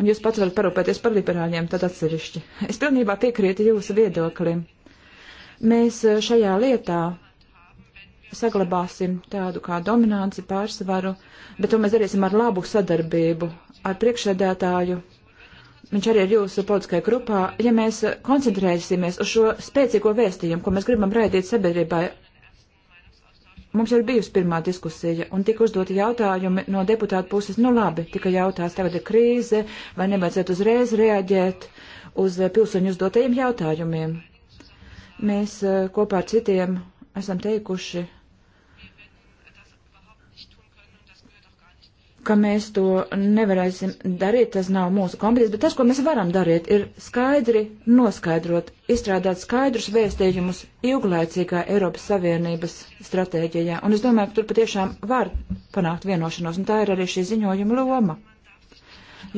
Un jūs pats varat parūpēties par liberāļiem, tad atsevišķi. Es pilnībā piekrītu jūsu viedoklim. Mēs eh, šajā lietā saglabāsim tādu kā dominanci pārsvaru, bet to mēs darīsim ar labu sadarbību ar priekšsēdētāju. Viņš arī ir jūsu politiskajā grupā. Ja mēs koncentrēsimies uz šo spēcīgo vēstījumu, ko mēs gribam raidīt sabiedrībai Mums ir bijusi pirmā diskusija, un tika uzdoti jautājumi no deputāta puses, nu labi, tika jautāts, tagad ir krīze, vai nevajadzētu uzreiz reaģēt uz eh, pilsoņu uzdotajiem jautājumiem. Mēs eh, kopā ar citiem esam teikuši, ka mēs to nevarēsim darīt, tas nav mūsu kompetences, bet tas, ko mēs varam darīt, ir skaidri noskaidrot, izstrādāt skaidrus vēstījumus ilglaicīgā Eiropas Savienības stratēģijā. Un es domāju, ka tur patiešām var panākt vienošanos, un tā ir arī šī ziņojuma loma.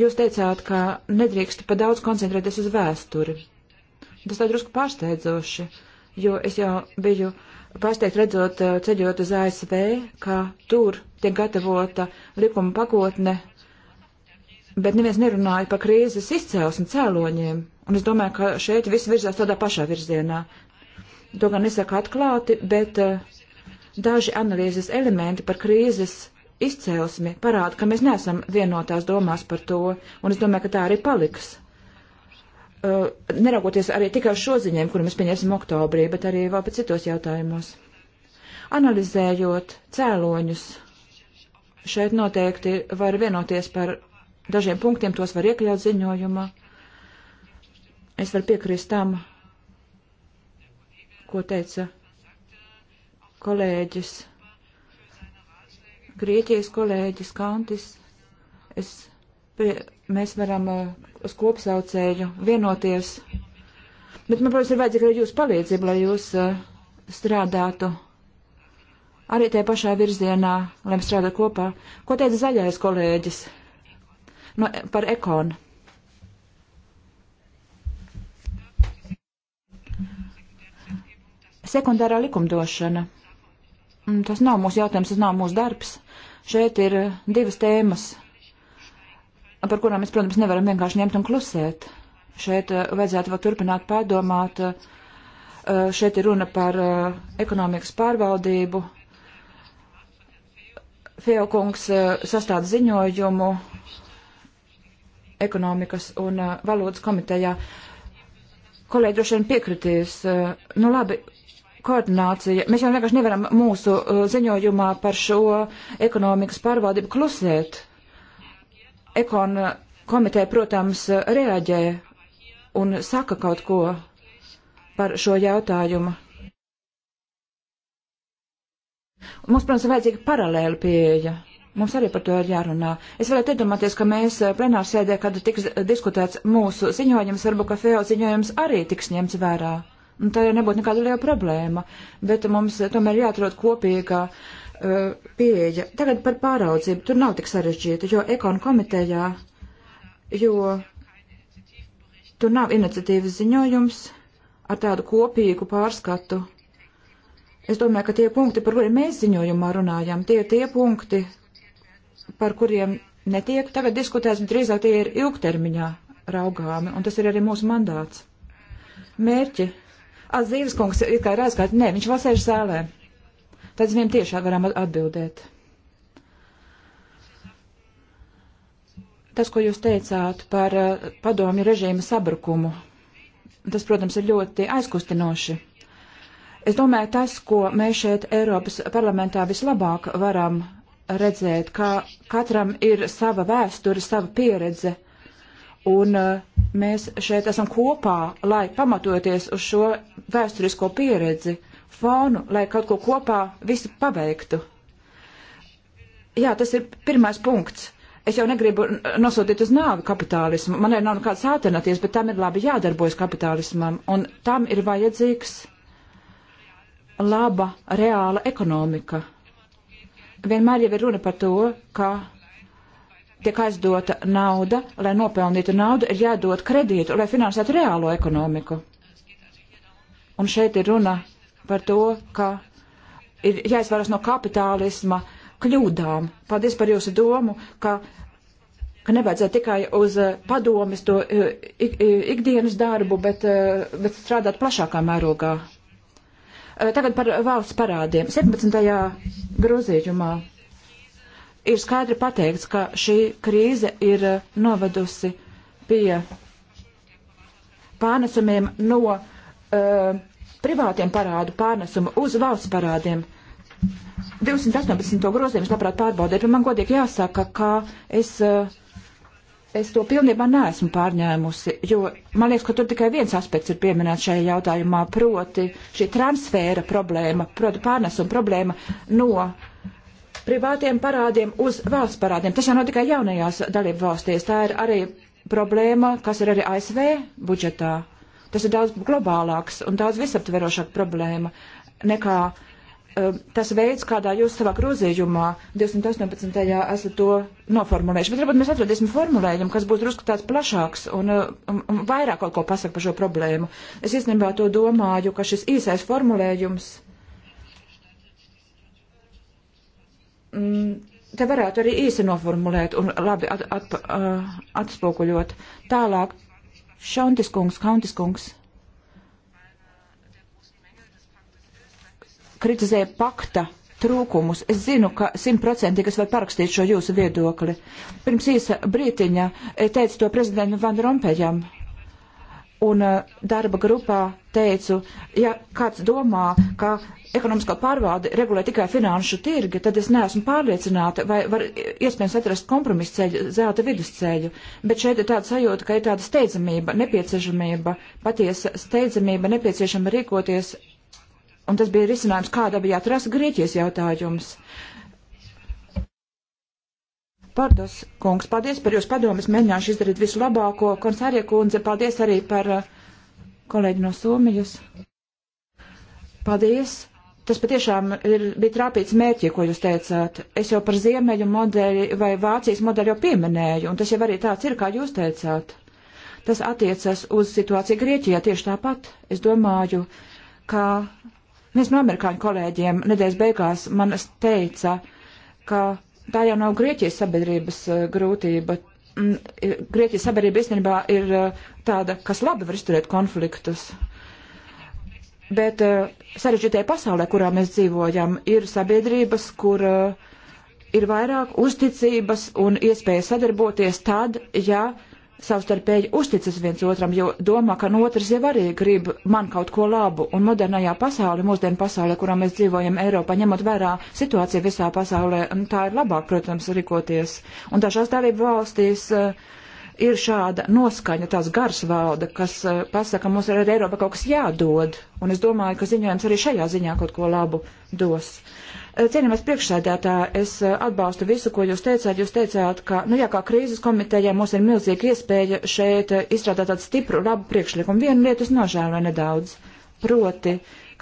Jūs teicāt, ka nedrīkst pa daudz koncentrēties uz vēsturi. Tas tā drusku pārsteidzoši, jo es jau biju uh, pārsteigt redzot, eh, ceļot uz ASV, ka tur tiek gatavota likuma pakotne, bet neviens nerunāja par krīzes izcēlesmi cēloņiem. Un es domāju, ka šeit viss virzās tādā pašā virzienā. To gan nesaka atklāti, bet eh, daži analīzes elementi par krīzes izcēlesmi parāda, ka mēs neesam vienotās domās par to, un es domāju, ka tā arī paliks. Eh, neraugoties arī tikai uz šo ziņiem, kuru mēs pieņemsim oktobrī, bet arī vēl pēc citos jautājumos. Analizējot cēloņus, šeit noteikti var vienoties par dažiem punktiem, tos var iekļaut ziņojumā. Es varu piekrist tam, ko teica kolēģis, Grieķijas kolēģis Kantis. Es pie, mēs varam eh, uz kopsaucēju vienoties. Bet man, protams, ir vajadzīga arī jūsu palīdzība, lai jūs eh, strādātu arī tajā pašā virzienā, lai mēs strādātu kopā. Ko teica zaļais kolēģis no, par ekonu? Sekundārā likumdošana. Mm, tas nav mūsu jautājums, tas nav mūsu darbs. Šeit ir eh, divas tēmas par kurām mēs, protams, nevaram vienkārši ņemt un klusēt. Šeit eh, vajadzētu vēl turpināt pārdomāt. Eh, eh, šeit ir runa par ekonomikas pārvaldību. Fiokungs sastāda ziņojumu ekonomikas un valodas komitejā. Kolēģi droši vien piekritīs. Nu labi, koordinācija. Mēs jau vienkārši nevaram mūsu ziņojumā par šo ekonomikas pārvaldību klusēt Ekon eh, komiteja, protams, eh, reaģē un saka kaut ko par šo jautājumu. Mums, protams, ir vajadzīga paralēla pieeja. Mums arī par to ir jārunā. Es varētu iedomāties, ka mēs eh, plenārsēdē, kad tiks diskutēts mūsu ziņojums, varbūt ka FEO ziņojums arī tiks ņemts vērā. Un tā jau nebūtu nekāda liela problēma, bet mums tomēr jāatrod kopīga uh, Uh, pieeja. Tagad par pāraudzību. Tur nav tik sarežģīta, jo ekonu komitejā, jo tur nav iniciatīvas ziņojums ar tādu kopīgu pārskatu. Es domāju, ka tie punkti, par kuriem mēs ziņojumā runājam, tie ir tie punkti, par kuriem netiek tagad diskutēts, bet drīzāk tie ir ilgtermiņā raugāmi, un tas ir arī mūsu mandāts. Mērķi. Atzīves kungs ir kā ir aizgājis, nē, viņš vēl sēž zālē. Tad viņiem tiešām varam atbildēt. Tas, ko jūs teicāt par uh, padomju režīma sabrukumu, tas, protams, ir ļoti aizkustinoši. Es domāju, tas, ko mēs šeit Eiropas parlamentā vislabāk varam redzēt, ka katram ir sava vēsture, sava pieredze, un uh, mēs šeit esam kopā, lai pamatoties uz šo vēsturisko pieredzi, uh, fonu, lai kaut ko kopā visu paveiktu. Jā, tas ir pirmais punkts. Es jau negribu nosūtīt uz nāvi kapitālismu. Man nav nekādas alternatīvas, bet tam ir labi jādarbojas kapitālismam. Un tam ir vajadzīgs laba, reāla ekonomika. Vienmēr jau ir runa par to, ka tiek aizdota nauda, lai nopelnītu naudu, ir jādod kredītu, lai finansētu reālo ekonomiku. Un šeit ir runa par to, ka ir jāizvaras no kapitālisma kļūdām. Paldies par jūsu domu, ka, ka nevajadzētu tikai uz eh, padomis to eh, ik, eh, ikdienas darbu, bet, bet strādāt plašākā mērogā. Tagad par valsts parādiem. 17. grozījumā ir skaidri pateikts, ka šī krīze ir novedusi pie pārnesumiem no uh, privātiem parādu pārnesumu uz valsts parādiem. 218. grozījums, labprāt, pārbaudīt, bet man godīgi jāsaka, ka es, eh, es to pilnībā neesmu pārņēmusi, jo man liekas, ka tur tikai viens aspekts ir pieminēts šajā jautājumā, proti šī transfēra problēma, proti pārnesuma problēma no privātiem parādiem uz valsts parādiem. Tas jau nav tikai jaunajās dalību valstīs, tā ir arī problēma, kas ir arī ASV budžetā. Tas ir daudz globālāks un daudz visaptverošāk problēma nekā uh, tas veids, kādā jūs savā grozījumā 218. esat to noformulējuši. Bet varbūt mēs atradīsim formulējumu, kas būtu drusku tāds plašāks un, eh, un, un vairāk kaut ko pasaka par šo problēmu. Es īstenībā to domāju, ka šis īsais formulējums. Mm, te varētu arī īsi noformulēt un labi at, at, at, eh, atspoguļot. Tālāk Šantis kungs, Kantis kungs kritizēja pakta trūkumus. Es zinu, ka simtprocentīgi es varu parakstīt šo jūsu viedokli. Pirms īsa brītiņa eh, teicu to prezidentam Van Rompējam un uh, darba grupā teicu, ja kāds domā, ka ekonomiskā pārvalde regulē tikai finanšu tirgi, tad es neesmu pārliecināta, vai var iespējams atrast kompromisu ceļu, zelta vidusceļu. Bet šeit ir tāda sajūta, ka ir tāda steidzamība, nepieciešamība, patiesa steidzamība, nepieciešama rīkoties. Un tas bija risinājums, kāda bija jāatrast Grieķijas jautājums. Uh, Pārdos kungs, paldies par jūsu padomu. Es mēģināšu izdarīt visu labāko. Konsārija kundze, paldies arī par uh, kolēģi no Somijas. Paldies. Tas patiešām ir, bija trāpīts mērķi, ko jūs teicāt. Es jau par ziemeļu modeli vai Vācijas modeli jau pieminēju, un tas jau arī tāds ir, kā jūs teicāt. Tas attiecas uz situāciju Grieķijā tieši tāpat. Es domāju, ka viens no amerikāņu kolēģiem nedēļas beigās man teica, ka tā jau nav Grieķijas sabiedrības eh, grūtība. Mm, Grieķijas sabiedrība īstenībā ir eh, tāda, kas labi var izturēt konfliktus. Bet eh, sarežģītajā pasaulē, kurā mēs dzīvojam, ir sabiedrības, kur ir vairāk uzticības un iespēja sadarboties tad, ja uh, savstarpēji uzticas viens otram, jo domā, ka otrs jau arī grib man kaut ko labu. Un modernajā pasaulē, mūsdienu pasaulē, kurā mēs dzīvojam Eiropā, ņemot vērā situāciju visā pasaulē, tā ir labāk, protams, rīkoties. Un dažās dalību valstīs uh, ir šāda noskaņa, tās gars valda, kas uh, pasaka, mums ir ar Eiropu kaut kas jādod. Un es domāju, ka ziņojums arī šajā ziņā kaut ko labu dos. Uh, Cienījamais priekšsēdētā, es eh, atbalstu visu, ko jūs teicāt. Jūs teicāt, ka, nu jā, kā krīzes komitejai mums ir milzīga iespēja šeit eh, izstrādāt tādu stipru, labu priekšlikumu. Vienu lietu es nožēloju nedaudz. Proti,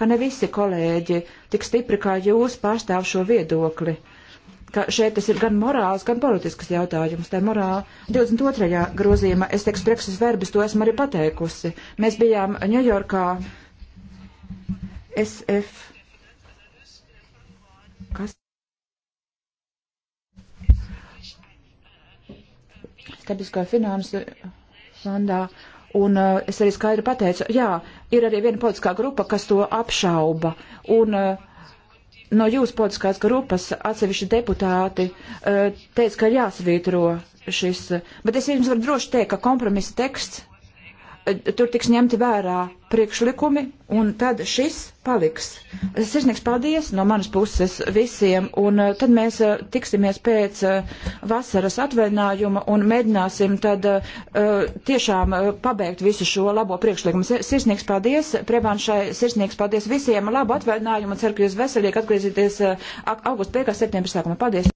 ka ne visi kolēģi tik stipri kā jūs pārstāv šo viedokli ka šeit tas ir gan morāls, gan politisks jautājums. Tā ir morāla. 22. grozījumā es teiktu, preksis verbis, to esmu arī pateikusi. Mēs bijām Ņujorkā SF Kas Stabiskā finansu fondā. Un uh, es arī skaidri pateicu, jā, ir arī viena politiskā grupa, kas to apšauba. Un uh, no jūsu politiskās grupas atsevišķi deputāti uh, teica, ka ir jāsvītro šis. Uh, bet es jums varu droši teikt, ka kompromisa teksts tur tiks ņemti vērā priekšlikumi, un tad šis paliks. Sirsnīgs paldies no manas puses visiem, un eh, tad mēs eh, tiksimies pēc eh, vasaras atvaļinājuma un mēģināsim tad tiešām pabeigt visu šo labo priekšlikumu. Sirsnīgs paldies, Prevanšai, sirsnīgs paldies visiem, labu atvaļinājumu, ceru, ka jūs veselīgi atgriezīties augustu beigās, septembris sākumā. Paldies!